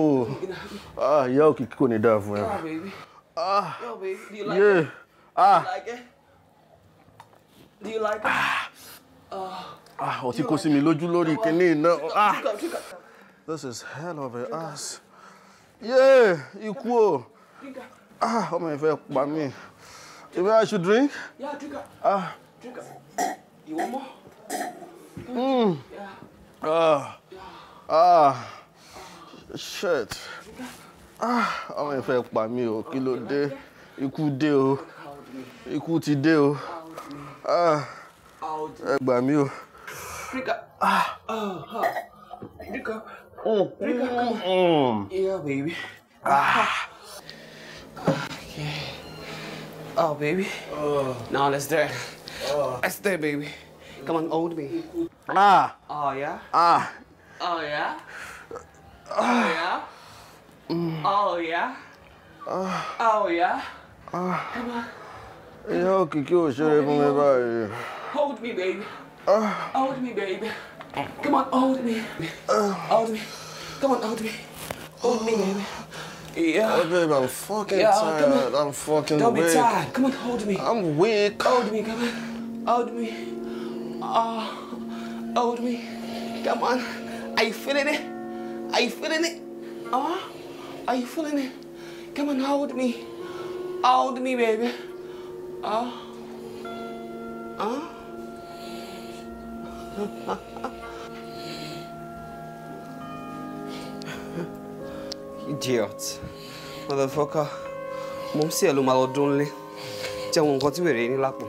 Ah, ìyá òkìkí kò ní dáa fún Ah, baby. Ah, yo, baby, do you like yeah. it? Ah. Do you ah. like it? Do you like it? Ah. Uh, Ah, ó ti kó sí mi lójú lórí kinní iná. Ah, this is hell of a ass. Yeah, ikú o. Ah, ọmọ ìfẹ́ pa mí. Maybe I should drink? Yeah, drink Ah. Drink You want more? Mm. Yeah. Ah. Ah. Shit. Ah, ọmọ ìfẹ́ pa mí o. Kí ló dé? Ikú dé o. Ikú ti dé o. Ah. Ẹ gbà mí o. Rika. Ah. Oh, huh. Oh. Rika, come on. Mm-hmm. Yeah, baby. Ah. Okay. Oh, baby. Oh. Now let's there. Oh. Let's there, baby. Come on, hold me. Ah. Oh, yeah? Ah. Oh, yeah? Ah. Oh, yeah? Mm. Oh, yeah? Oh, oh yeah? Oh. Come on. Come on. Hold me, baby. Uh. hold me, baby. Uh. Come on, hold me. Uh. hold me. Come on, hold me. Hold me, baby. Yeah. Oh, babe, I'm fucking yeah, tired. I'm fucking Don't weak. be tired. Come on, hold me. I'm weak. Hold me, come on. Hold me. Oh, hold me. Come on. Are you feeling it? Are you feeling it? Oh, are you feeling it? Come on, hold me. Hold me, baby. Oh. Oh. Idiot. Motherfucker. Mo ń sí ẹ̀ ló máa lọ dún lé. Jẹun nǹkan tí wèrè ní lápò.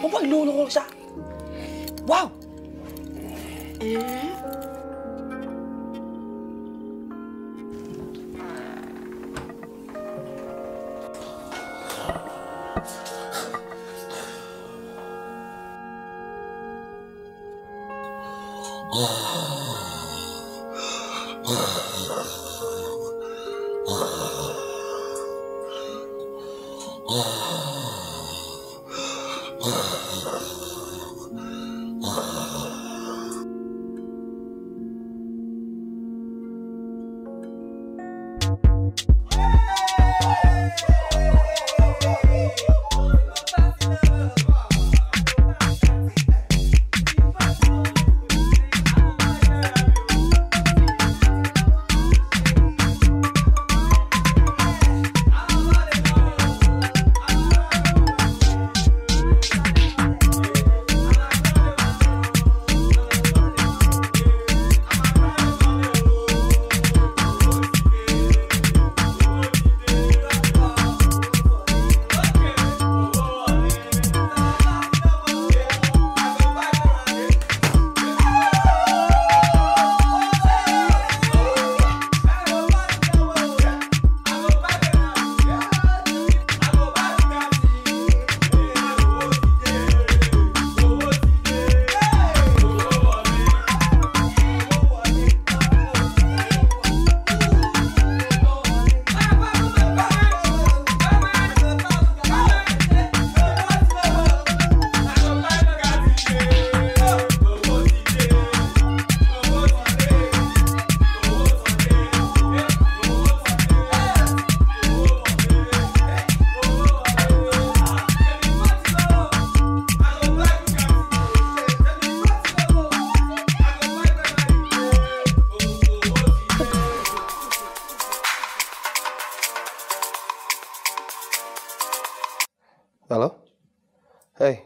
Mo bá ìlú olówó ṣá. Wow! Oh. [SIGHS] [SIGHS]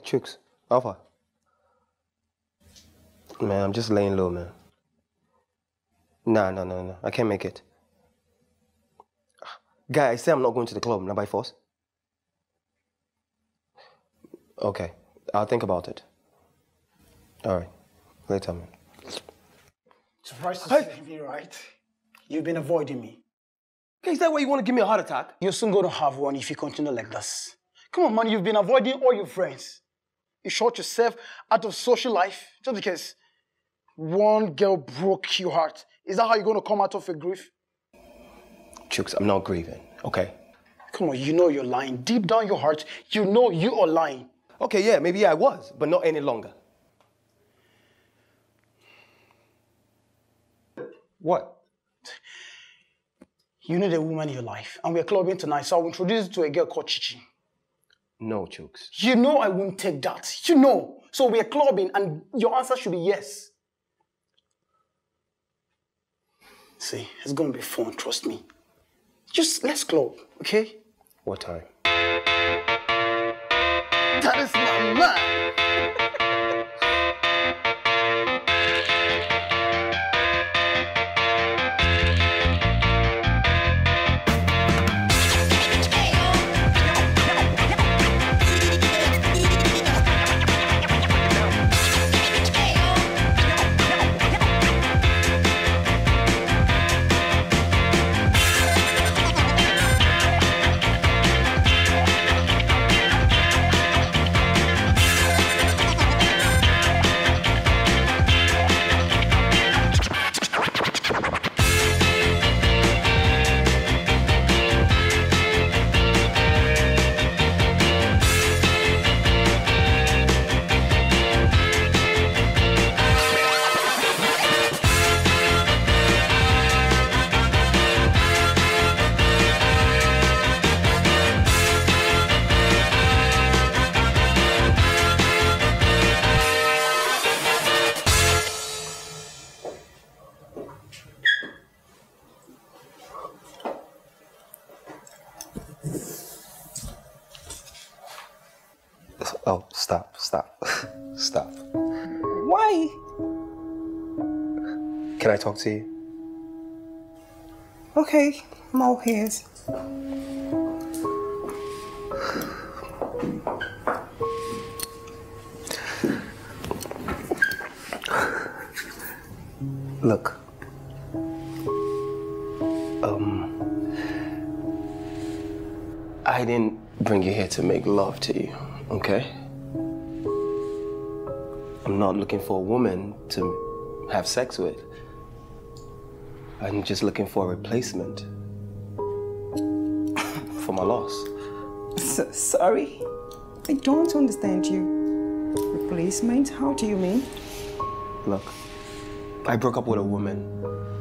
Chooks, Alpha. Man, I'm just laying low, man. Nah, no, no, no. I can't make it. Guy, I say I'm not going to the club, not by force. Okay, I'll think about it. All right, later, man. Surprised to see me, right? You've been avoiding me. Okay, is that why you want to give me a heart attack? you are soon going to have one if you continue like this. Come on, man, you've been avoiding all your friends. You shot yourself out of social life just because one girl broke your heart. Is that how you're going to come out of a grief? Chooks, I'm not grieving, okay? Come on, you know you're lying. Deep down your heart, you know you are lying. Okay, yeah, maybe I was, but not any longer. What? You need a woman in your life, and we're clubbing tonight, so I'll introduce you to a girl called Chichi. No, Chooks. You know I won't take that. You know. So we're clubbing and your answer should be yes. See, it's gonna be fun, trust me. Just let's club, okay? What time? That is my man! Can I talk to you? Okay, I'm all ears. Look. Um. I didn't bring you here to make love to you, okay? I'm not looking for a woman to have sex with. I'm just looking for a replacement for my loss. So, sorry? I don't understand you. Replacement? How do you mean? Look, I broke up with a woman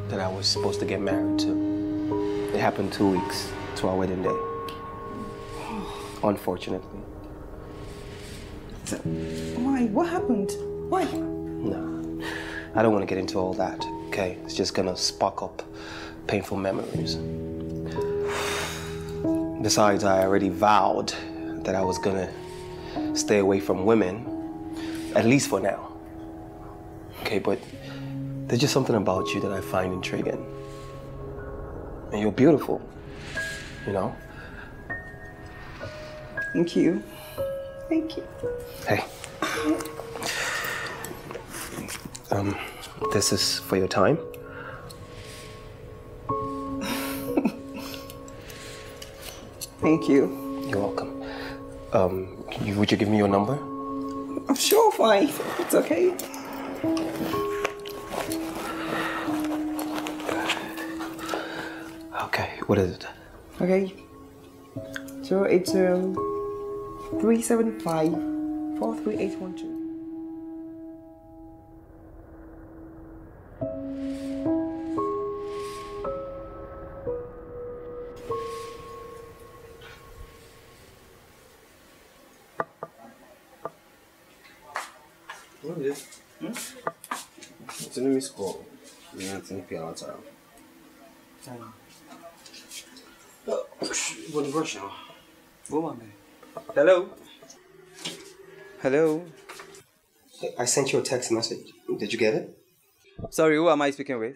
that I was supposed to get married to. It happened two weeks to our wedding day. Unfortunately. So, why? What happened? Why? No. I don't want to get into all that okay. It's just gonna spark up painful memories. Besides, I already vowed that I was gonna stay away from women, at least for now. Okay, but there's just something about you that I find intriguing. And you're beautiful, you know? Thank you. Thank you. Hey. um. This is for your time. [LAUGHS] Thank you. You're welcome. Um, you, would you give me your number? I'm sure, fine. It's okay. Okay, what is it? Okay. So it's um, 375 43812. Go on, Hello. Hello. I sent you a text message. Did you get it? Sorry, who am I speaking with?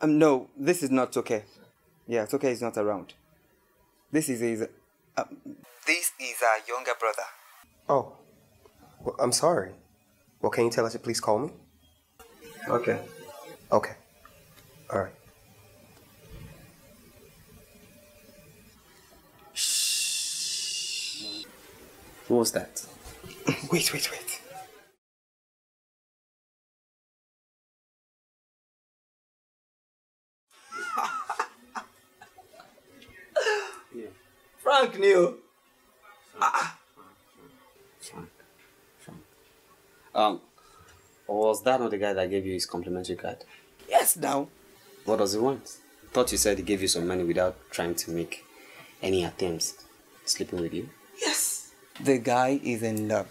Um, no, this is not okay. Yeah, Toke is not around. This is his. Um, this is our younger brother. Oh, well, I'm sorry. Well, can you tell us to please call me? Okay. Okay. All right. Shh. What was that? [LAUGHS] wait, wait, wait. yeah. [LAUGHS] Frank knew. Ah. Um, was that not the guy that gave you his complimentary card? Yes, now. What does he want? Thought you said he gave you some money without trying to make any attempts sleeping with you. Yes. The guy is in love.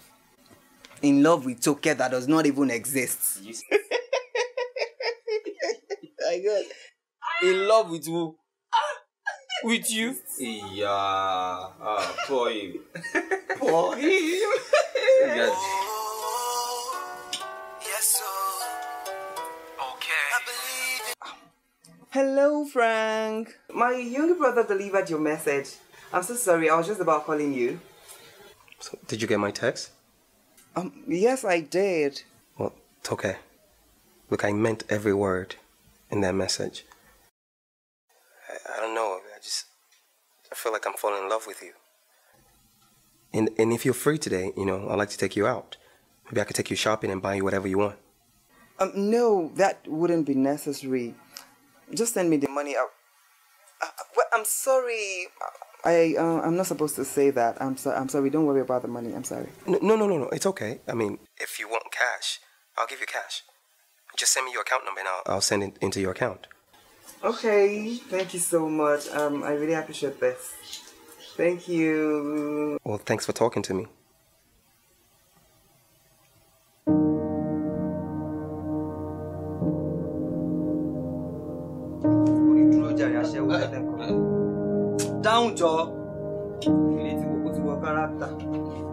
In love with Toke that does not even exist. [LAUGHS] My God. In love with who? with you. Yeah. Uh, him. For him. [LAUGHS] Hello, Frank. My younger brother delivered your message. I'm so sorry, I was just about calling you. So, did you get my text? Um, yes, I did. Well, it's okay. Look, I meant every word in that message. I, I don't know, I just I feel like I'm falling in love with you. And, and if you're free today, you know, I'd like to take you out. Maybe I could take you shopping and buy you whatever you want. Um, no, that wouldn't be necessary. Just send me the money. I, I, uh, well, I'm sorry. I uh, I'm not supposed to say that. I'm sorry. I'm sorry. Don't worry about the money. I'm sorry. No, no, no, no, no. It's okay. I mean, if you want cash, I'll give you cash. Just send me your account number and I'll, I'll send it into your account. Okay. Thank you so much. Um, I really appreciate this. Thank you. Well, thanks for talking to me. ṣe wọ ẹlẹ́kọ̀ọ́ dáhùn jọ ilé tí kókó ti wọ kárátà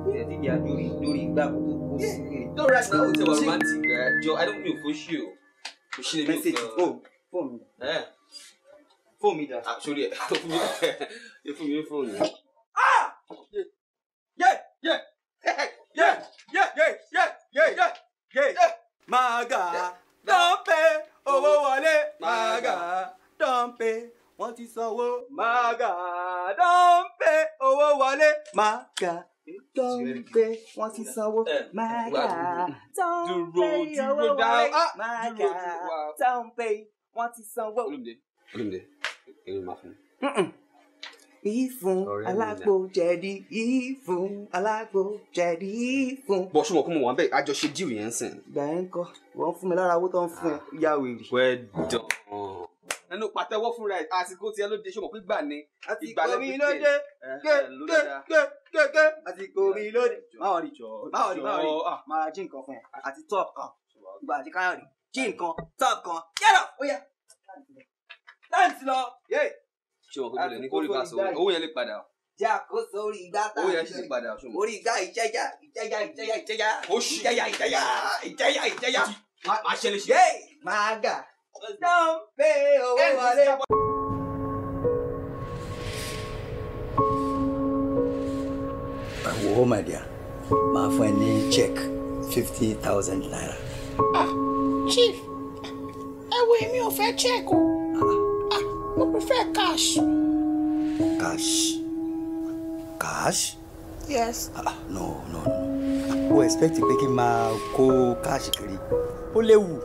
ilé tí ìyá lórí lórí igbá kókó kó sí ilé. no right now o ti wa romantic ẹ jọ i don't mean for sure o ṣe lè mi fẹ. fóònù fóònù mi dà. àṣọrí ẹ tó fún mi ẹ fún mi ní fóònù. yé yé yé yé yé yé yé yé yé máa gà dán pé e. owó wọlé máa gà dán pé. E wọ́n ti sanwó. màgà tó ń pè owó wọlé. màgà tó ń pè wọ́n ti sanwó. màgà tó ń pè owó wọlé. màgà tó ń pè wọ́n ti sanwó. olùdé olùdé èyí máa fún mi ìfún alágbo jẹ̀dí ìfún alágbo jẹ̀dí ìfún. bọ̀ ṣùgbọ́n kí mo wà bẹ́ẹ̀ àjọṣe díìrì yẹn ń sìn. ìgbà yẹn ń kọ wọn fún mi lára owó tó ń fún ẹ ah. yá wèrè. wẹ́ẹ̀ dán nínú pàtẹ́wọ́ fúnra ẹ̀ àsìkò tiẹ̀ ló dé sọ́mọ̀ pé gbà ni. àsìkò mi ló dé ké ké ké ké ké àsìkò mi ló dé. máa rí máa rí máa rí máa jí nǹkan fún ẹ àti top kan gba àti káyọ̀rì jí nǹkan top kan yẹ́rọ̀ ó yá láǹtì lọ. ṣé wọn kò lè ní kó rí bá sọ owó yẹn lè padà jẹ́ àkóso orí igbá tá a ṣe padà ṣùgbọ́n orí igbá ìjẹ́jà ìjẹ́jà ìjẹ́jà ìjẹ́jà ìjẹ́jà ìjẹ́jà ìjẹ́jà ìjẹ́jà máa ṣẹlẹ̀ ṣe. máa gà Stampe owó wọlé. my dear, máa fún ẹ check fifty thousand naira. Ah, chief, I wo èmi ò fẹ́ check Ah, I ah, prefer cash. Cash? Cash? Yes. Ah, no, no, no. I expect pé kí n máa kó cash kiri. Ó léwu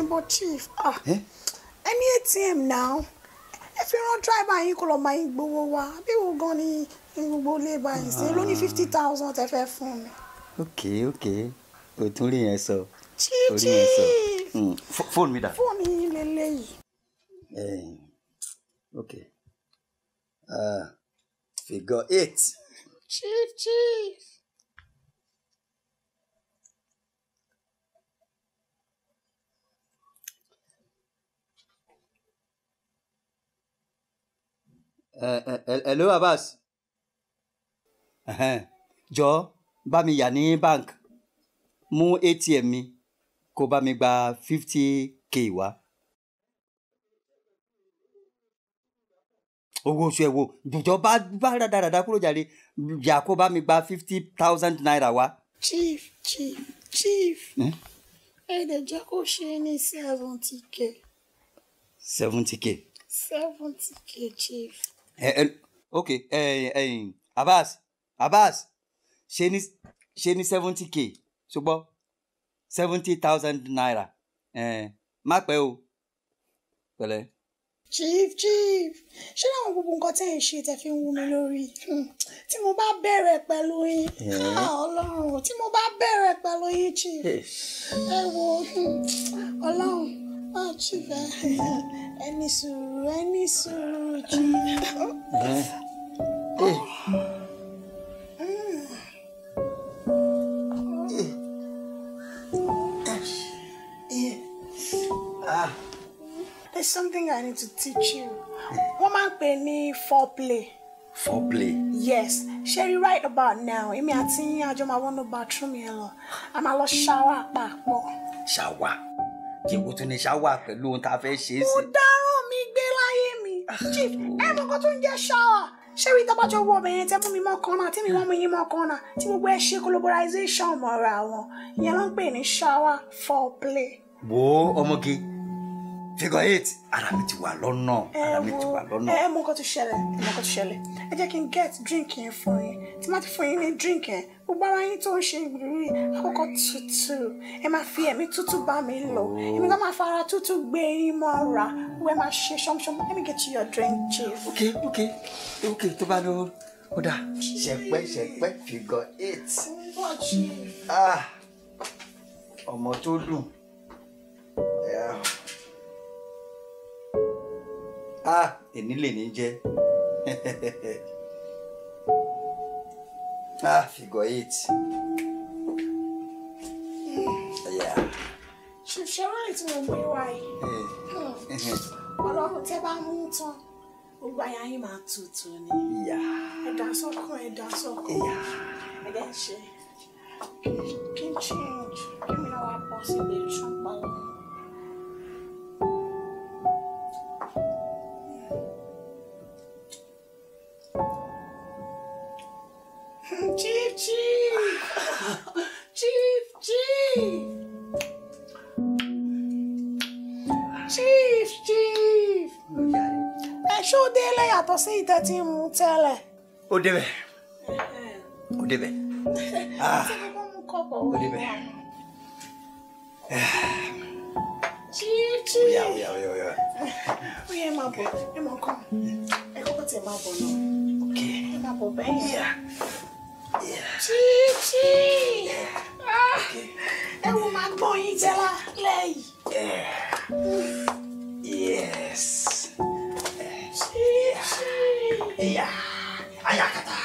ẹbọ chief ẹni ah. eh? atm now If you don't dráìbà yín you call máa ń gbowó wa bí wo gan ni gbogbo ilé báyìí sí ló ní fifty thousand tẹ fẹ́ fún mi. ok ok o tún that. yẹn sọ orí yẹn sọ hmm. fóònù mi dà. fóònù yín lélẹ́yìí. uh, figure eight. chief chief. hello Abbas jọ bá mi yà ní bank mú atm mi kó bá mi gba fifty k wá. owó oṣù ẹ̀ wo jọjọ bá bá dáradára kúrò jáde yà kó bá mi gba fifty thousand naira wá. chief chief chief hm? ẹ lè jẹ́ kó ṣe é ní seventy k. seventy k. seventy k chief. Eh, eh, okay, ok eh, Abas, Abas. ṣe ni, ṣe ni seventy k ṣùgbọ́n seventy thousand naira má pẹ́ o pẹ̀lẹ́. chief chief ṣé láwọn gbogbo nǹkan tẹ́ ẹ̀ ṣe tẹ́ fi ń wú mi lórí hmm, tí mo bá bẹ̀rẹ̀ pẹ̀lú yín ah, ọlọ́run tí mo bá bẹ̀rẹ̀ pẹ̀lú yín chief ẹ wo hmm, ọlọ́run ah, chief [LAUGHS] ẹ ní sùúrù ọ̀rẹ́ ní sùúrù jù. There's something I need to teach you. Wọ́n máa ń pè ní foreplay. Foreplay? Yes. Sherry, right about now, èmi àti yín àjọ máa wọ́n ní bathroom yẹn lọ. A máa lọ ṣáwà papọ̀. Ṣáwà? Kí wo tún ni ṣáwà pẹ̀lú ohun tá a fẹ́ ṣe é sí? Mo dáhùn chief ẹ mọ nǹkan tó ń jẹ́ ṣáà ṣé rí tábàjọ wọ ọbẹ̀ yẹn tẹ́ mú mi mọ́ kan náà tí mi wọ́n mú yín mọ́ kan náà tí gbogbo ẹ ṣe collaboration mọ́ra wọn ìyẹn ló ń pè ní shower for play. wo ọmọge figure eight ara mi ti wà lọ́nà ara mi ti wà lọ́nà. ẹ mọ nǹkan tó ṣẹlẹ̀ ẹ mọ nǹkan tó ṣẹlẹ̀ ẹ jẹ́ kí n get drink yẹn fún yín tí má ti fún yín ní drink yẹn gbogbo ara yín tó ń ṣe ìrírí àkọ́kọ́ tútù ẹ máa fi ẹ̀mí Tutu bá mi lò oh. èmi kan máa fara tútù gbé yín mọ́ra wẹ́ máa ṣe ṣọ́mṣọ́m let me get you your drink chief. ok ok ok tó bá lọ ó dà. ṣẹpẹ ṣẹpẹ figure eight ah, ọmọ tó dùn. Yeah a ah, èní lè ní jẹ́ a [LAUGHS] ah, it eight. ṣùṣẹ́ wáyé tí mo gbé wá yìí hmm. Hmm. ọlọ́run tẹ́ bá mú tán gbogbo àyà yín máa tutù ni ẹ̀dá sọ́kàn ẹ̀dá sọ́kàn ẹ̀dá ṣe kí n change kí mi náà wá bọ́ sí ilé ìṣùpá wọn. Chief! Chief! Chief! Chief! Chief! Ẹ ṣó délé yàtọ̀ sí ìtẹ́ tí mo tẹ́lẹ̀. Ó débẹ̀. Ó débẹ̀. Ṣé ah. kókó mú kọ́pọ̀ Ó débẹ̀. Chief! Chief! Oya oya oya oya. Oya ẹ máa bọ̀, ẹ máa kọ́. Ẹ kọ́kọ́ tiẹ̀ máa bọ̀ náà. Ok. Ẹ máa bọ̀ bẹ́ẹ̀. Chi chi, ah, máa gbọ́ yín jẹ́ lálẹ́ yìí. yes. chichi. ẹ̀yà ayakata.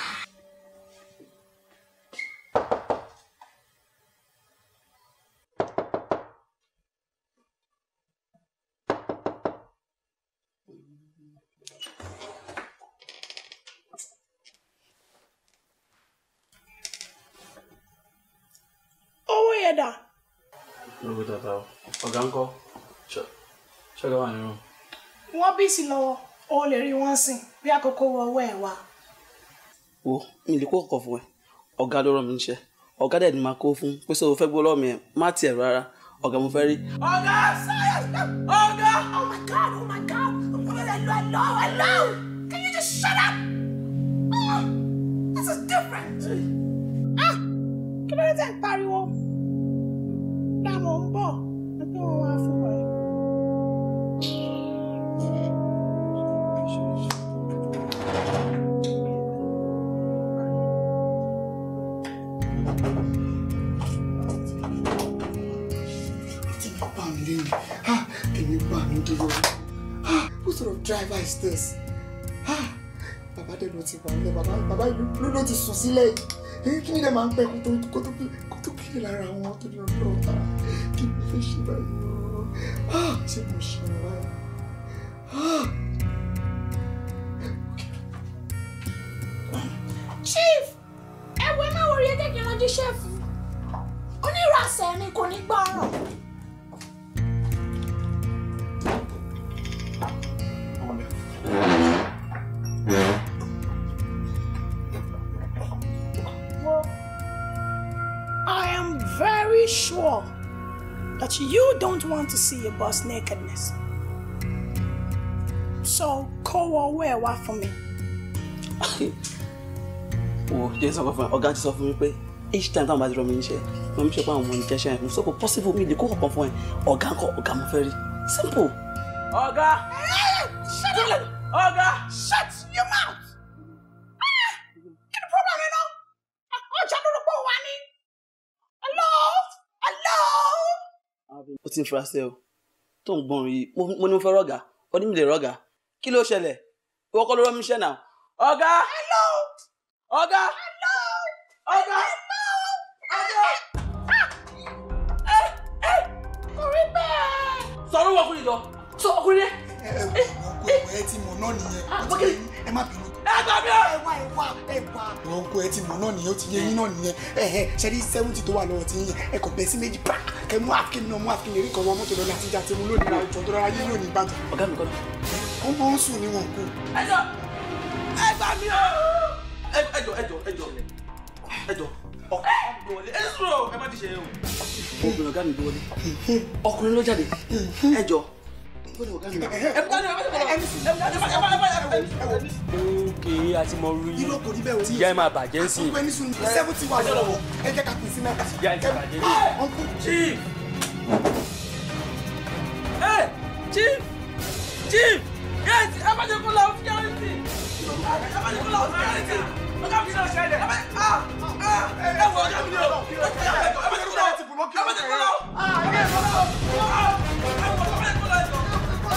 ọ̀gá ńkọ́ ṣọ́gá wà nínú. wọ́n bí sí lọ́wọ́ o lè rí wọ́n sìn bí àkókò wọ ọwọ́ ẹ̀ wá. wo mi lè kó kọ̀kọ̀ fún ẹ ọ̀gá ló rán mi níṣẹ́ ọ̀gá dẹ̀ ni máa kó fún pé sọ fẹ́ gbọ́ lọ́ọ̀mì ẹ̀ má tiẹ̀ rárá ọ̀gá mo fẹ́ rí. ọ̀gá sáyẹ̀nsì ọ̀gá oh my god oh my god hello hello hello can you just shut up oh, this is different. ah kí ló dé tẹ̀ ń pariwo? dáàmú ń bọ̀ you laugh away. What sort of driver is this? Ah, Baba dẹ̀ ló ti wà nílẹ̀, Baba Baba ló ló ti sùn sílẹ̀ yìí. Kí ni dẹ̀ máa ń pẹ́ kó tó kó tó kí lára àwọn tó ní ọdún ọ̀tá? fèsì báyìí ah ṣé mo ṣe ara ah. don't want to see your boss nakedness. So, call or wear wá fún mi. [LAUGHS] Wò, jẹ́ sọ fún ọ̀gá ti sọ fún mi each time I'm bá to rọ mi níṣẹ́, mo ń ṣe pé àwọn ọmọ nìkẹ́ ṣe àìfún. So kò possible mi lè me. ọ̀kan fún ẹ. Ọ̀gá ńkọ́ ọ̀gá mo fẹ́ rí. Simple. Ọ̀gá! Ọ̀gá! Shut ti ń fura sí ẹ o tó ń gbọ́n yìí mo ní mo fẹ́ rọ́gà ó ní mi lè rọ́gà kí ló ṣẹlẹ̀ ìwọ kọ́ ló rọ́ mi ṣẹ́ náà ọ̀gá ọ̀gá ọ̀gá ọ̀gá. sọ̀rọ̀ wọkùnrin lọ sọ ọkùnrin rẹ. ẹ ẹ ọkùnrin ẹ ti mọ̀ náà nìyẹn ẹ má bínú àgbà mi o. ẹwà ẹwà ọkọ ẹ ti mọ náà nìyẹn ó ti yé yín náà nìyẹn ẹhẹ ṣẹlí seventy tó wà lọ́wọ́ ti yín ẹ kò bẹ sí méjì pa kẹ mú àfikún náà mú àfikún lè rí kan wọn mọ́tò lọ láti jà tí mo lónìí ra tó rárá yín lónìí ìbàdàn. ọ̀gá mi kọ́nà. wọ́n mọ̀ ń sùn ní wọn kú. ẹjọ ẹgbà mi o. ẹjọ ẹjọ ẹjọ ẹjọ ọkùnrin ló jáde ẹjọ ok a ti mọ rí tíyá ẹ máa bàjẹ́ sí i. seventy wa lọ́wọ́ ẹ jẹ́ ká pín sí chief chief chief yes ẹ bá jẹ kó la ọfíà rẹ sí ẹ bá jẹ kó la ọfíà rẹ sí ọgá mi náà ṣẹlẹ̀ ẹ bá ẹ wọ ọgá mi náà ẹ bá jẹ kó la ọfíà rẹ sí ẹ bá jẹ kó la ọfíà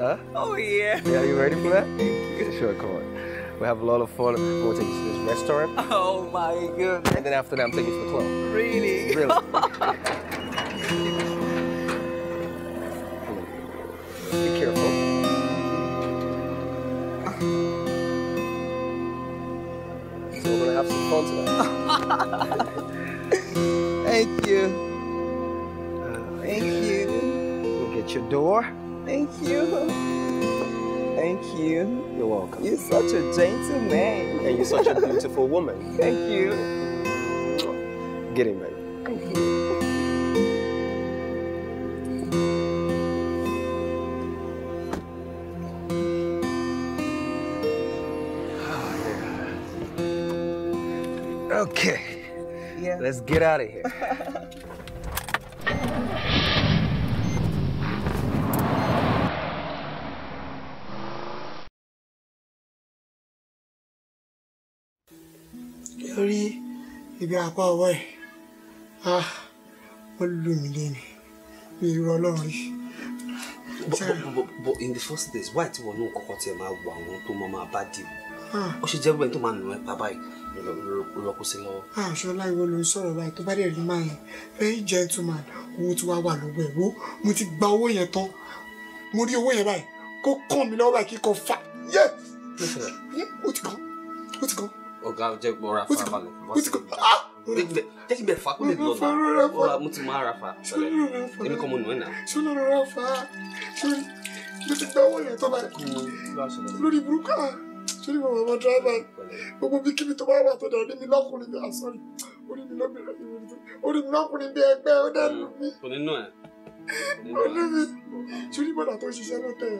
Huh? Oh, yeah. Yeah, you ready for that? sure, come short We have a lot of fun. We'll gonna take you to this restaurant. Oh my goodness. And then after that, I'm taking you to the club. Really? Really. [LAUGHS] woman. Thank you. Get him, baby. Thank you. Okay. Yeah. Let's get out of here. [LAUGHS] apá ọwọ́ ẹ̀ á ah, wọ́n lù mí lẹ́nu mi irọ́ ọlọ́run rí. but in the first place why tí wọn ní kọ́kọ́ tí ẹ máa wọ àwọn tó máa máa bá dìbò ah. ó ṣe jẹ́ bẹ́ẹ̀ tó máa nù ẹ́ pa báyìí lọ́kọ́ sí lọ́wọ́. àṣọlá ah, ìwọ ló ń sọ̀rọ̀ báyìí tó bá dẹ̀ rí máa yẹn very gentleman owó tí wàá wà lọ́wọ́ ẹ̀ wo mo ti gba owó yẹn tán mo rí owó yẹn báyìí kó kàn mí lọ́wọ́ báyìí kíkọ fa yẹ ó ti kàn ó ti kàn. ọ̀gá jẹ́ gbọ́ra farabalẹ̀. ó ti kàn jẹ́ kí bẹ̀ fà kó lè lọ bá ó ra mo ti máa ra fà pẹ̀lẹ́ èmi kọ́ mo nù ẹ́ nà. sọlá rọra fà á sórí mo ti gbà wọlé tó bá lórí burúkú à sórí bàbá bá dráìbà gbogbo bí kíbi tó bá wà tó dàrú mi lọ́kùnrin bí ah, àsọ̀rì orí mi lọ́kùnrin orí mi lọ́kùnrin bí ẹgbẹ́ ó dẹ́nu mi. kò ní nù ẹ. olú mi sórí bọ́dà tó ṣiṣẹ́ lọ́tẹ̀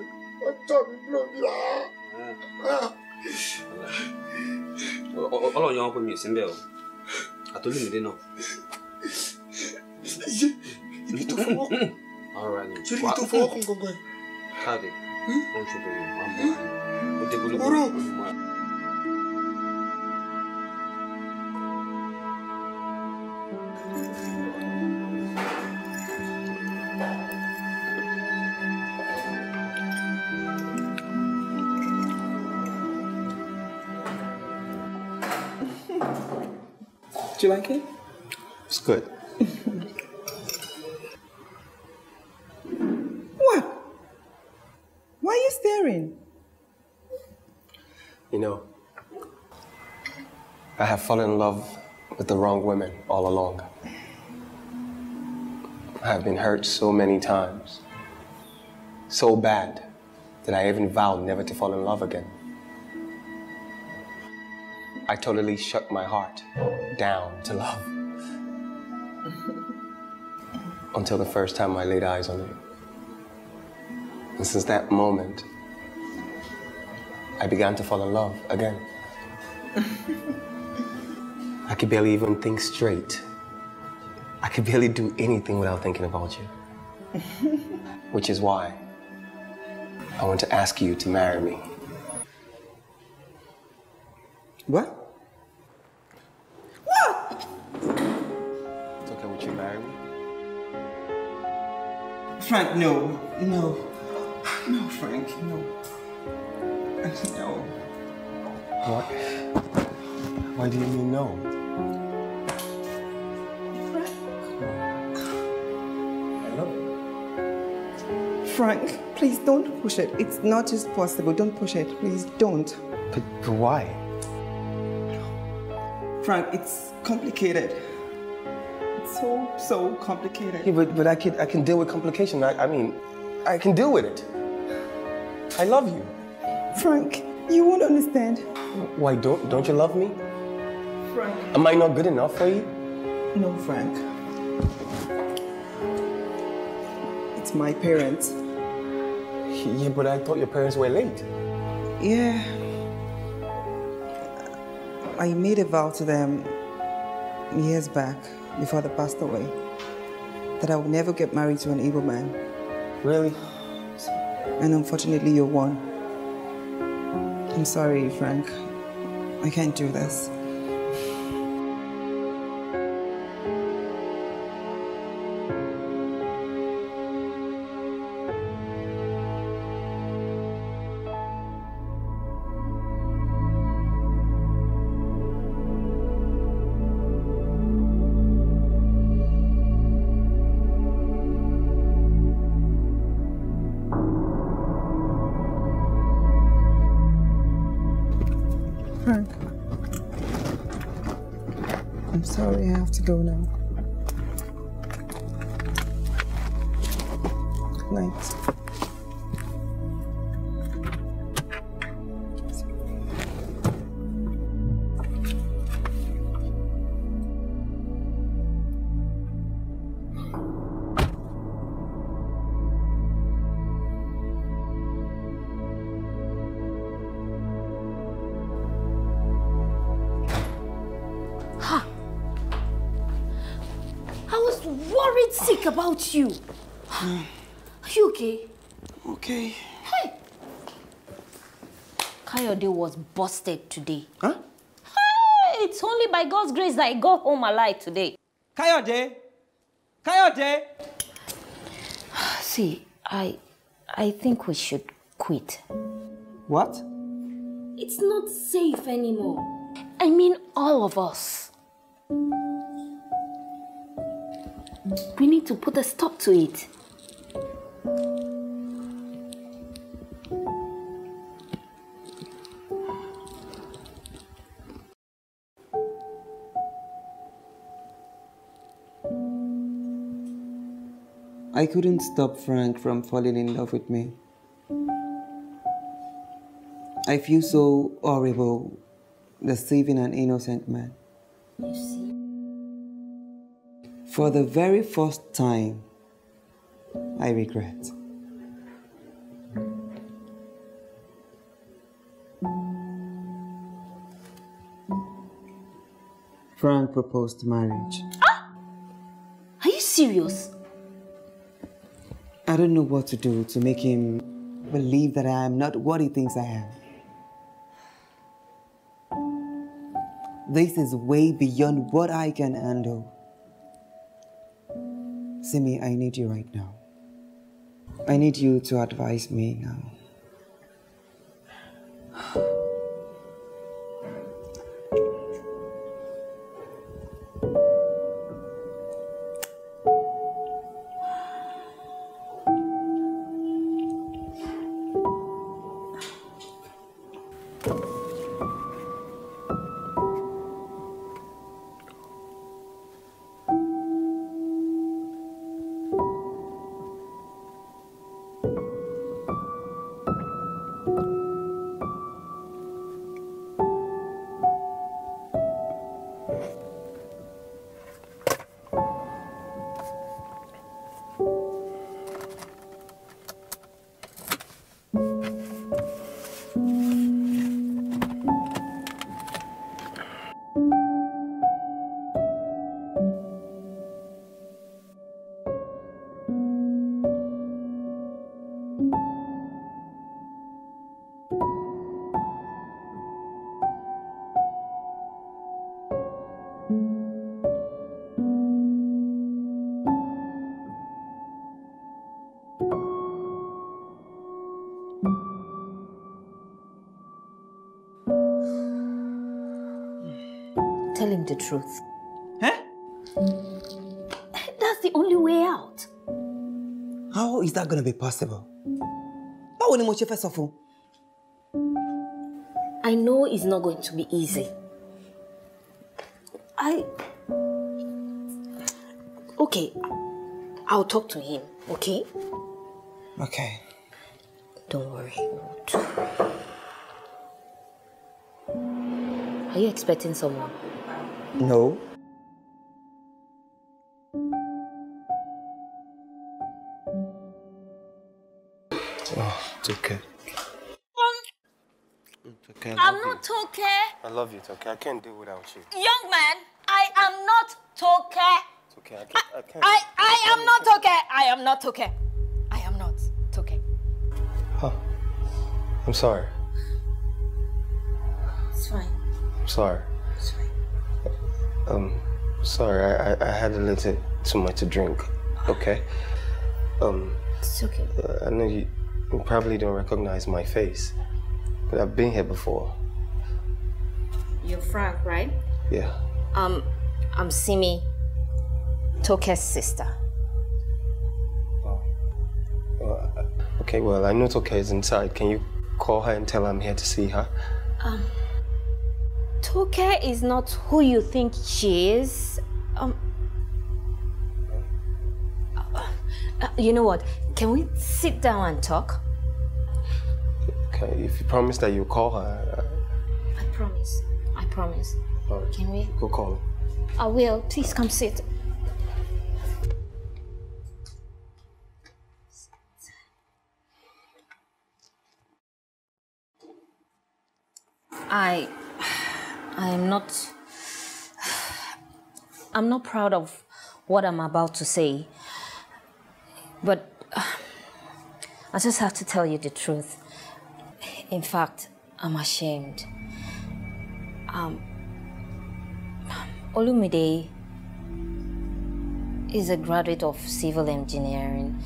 ọjọ́ ah. ah. mi ló bí wá ọlọ́run yẹn wọ́n mí sí ń o àtolúmídé náà. iye ibi tó fọwọ́ kún. ara ni wà á ṣe ibi tó fọwọ́ kún gangan. káàdì ó ń ṣe bẹ̀rẹ̀ wà á mọ̀ ọ́ dé gbólógbó. Do you like it? It's good. [LAUGHS] what? Why are you staring? You know, I have fallen in love with the wrong women all along. I have been hurt so many times. So bad that I even vowed never to fall in love again. I totally shut my heart down to love. [LAUGHS] Until the first time I laid eyes on you. And since that moment, I began to fall in love again. [LAUGHS] I could barely even think straight. I could barely do anything without thinking about you. [LAUGHS] Which is why I want to ask you to marry me. What? Frank, no, no, [SIGHS] no, Frank, no, [LAUGHS] no. What? Why do you mean no? Frank, please don't push it. It's not just possible. Don't push it. Please don't. But, but why? Frank, it's complicated so so complicated. Yeah, but but I can I can deal with complication. I, I mean, I can deal with it. I love you, Frank. You won't understand. Why don't don't you love me, Frank? Am I not good enough for you? No, Frank. It's my parents. Yeah, but I thought your parents were late. Yeah. I made a vow to them years back my father passed away, that I would never get married to an evil man. Really? And unfortunately, you're one. I'm sorry, Frank. I can't do this. sick about you. Mm. Are you okay? Okay. Hey! Kayode was busted today. Huh? Hey, it's only by God's grace that I got home alive today. Kayode! Kayode! See, I... I think we should quit. What? It's not safe anymore. I mean all of us. We need to put a stop to it. I couldn't stop Frank from falling in love with me. I feel so horrible deceiving an innocent man. For the very first time, I regret. Frank proposed marriage. Ah! Are you serious? I don't know what to do to make him believe that I am not what he thinks I am. This is way beyond what I can handle. Simi, I need you right now. I need you to advise me now. the truth. Huh? That's the only way out. How is that going to be possible? Báwo ni mo ṣe fẹ́ sọ I know it's not going to be easy. I... Okay, I'll talk to him, okay? Okay. Don't worry. Are you expecting someone? No. Oh, it's okay. okay. I'm you. not okay. I love you, okay. I can't do without you. Young man, I am not okay. It's okay. I can I, I, can't. I, I am not okay. I am not okay. I am not okay. Huh. I'm sorry. It's fine. I'm sorry. Um, sorry, I, I had a little too much to drink. Okay. Um. It's okay. Uh, I know you, you probably don't recognize my face, but I've been here before. You're Frank, right? Yeah. Um, I'm Simi, Toke's sister. Oh. Uh, okay, well, I know Toke is inside. Can you call her and tell her I'm here to see her? Um. Toke is not who you think she is. Um, uh, uh, you know what? Can we sit down and talk? Okay, if you promise that you'll call her. Uh, I, promise. I promise. Can we? Go call her. I will. Please come sit. I I'm not. I'm not proud of what I'm about to say, but I just have to tell you the truth. In fact, I'm ashamed. Um, Olumide is a graduate of civil engineering.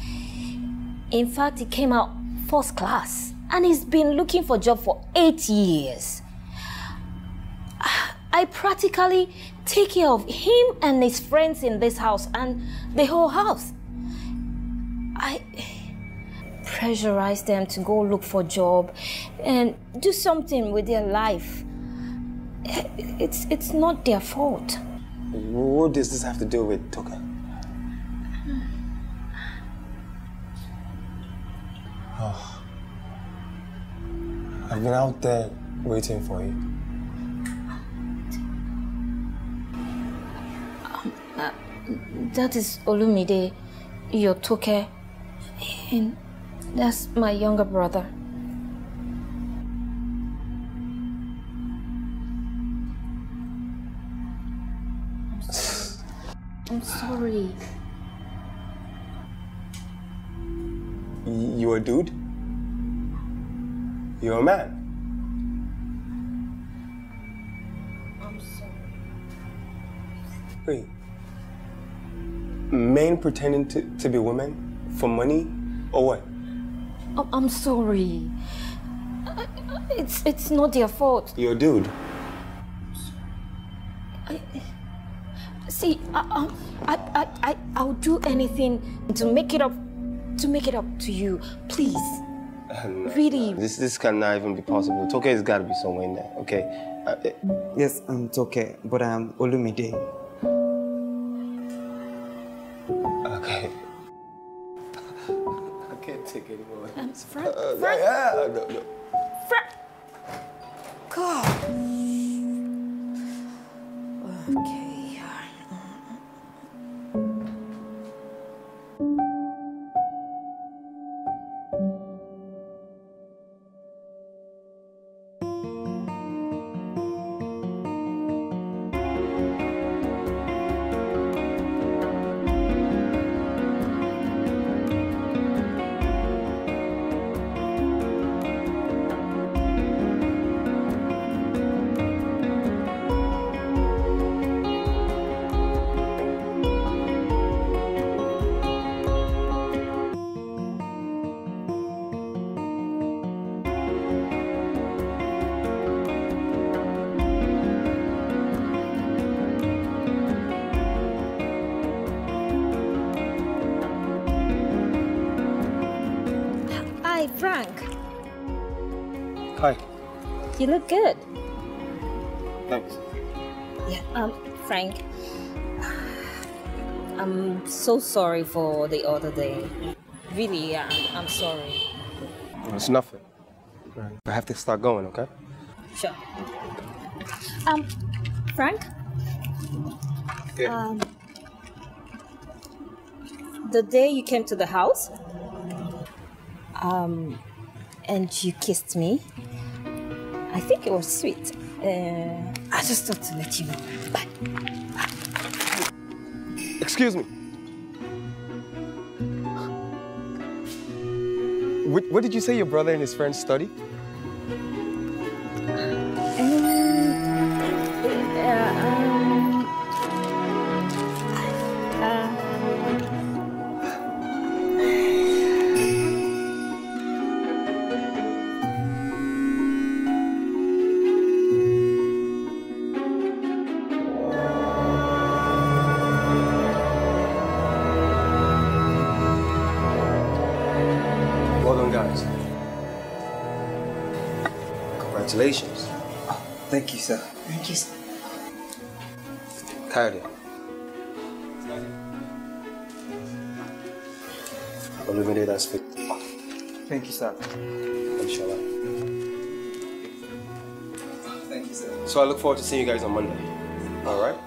In fact, he came out first class and he's been looking for a job for eight years. I practically take care of him and his friends in this house and the whole house. I pressurize them to go look for a job and do something with their life. It's, it's not their fault. What does this have to do with Toka? [SIGHS] Oh. I've been out there waiting for you. That is Olumide Yotoke, and that's my younger brother. I'm sorry. You're a dude? You're a man? I'm sorry. Wait, men pretending to, to be women for money or what? Oh, I'm sorry. It's, it's not their fault. Your dude. I, see, I, um, I, I, I, I'll do anything to make it up, to make it up to you. Please. [LAUGHS] no, really. No. This, this cannot even be possible. Toke has got to be somewhere in there, okay? Uh, yes, I'm um, Toke, but I'm um, Olumide. Okay. I can't take anymore. Um, Frank? Uh, Yeah, no, no. Frank! God. Okay. Hi. You look good. Thanks. Yeah, um, Frank. I'm so sorry for the other day. Really, yeah, I'm sorry. It's nothing. I have to start going, okay? Sure. Um, Frank? Yeah. Um, the day you came to the house, um, and you kissed me. I think it was sweet. Uh, I just thought to let you know. Bye. Excuse me. What did you say your brother and his friends study? Inshallah. Thank you, sir. So I look forward to seeing you guys on Monday. All right?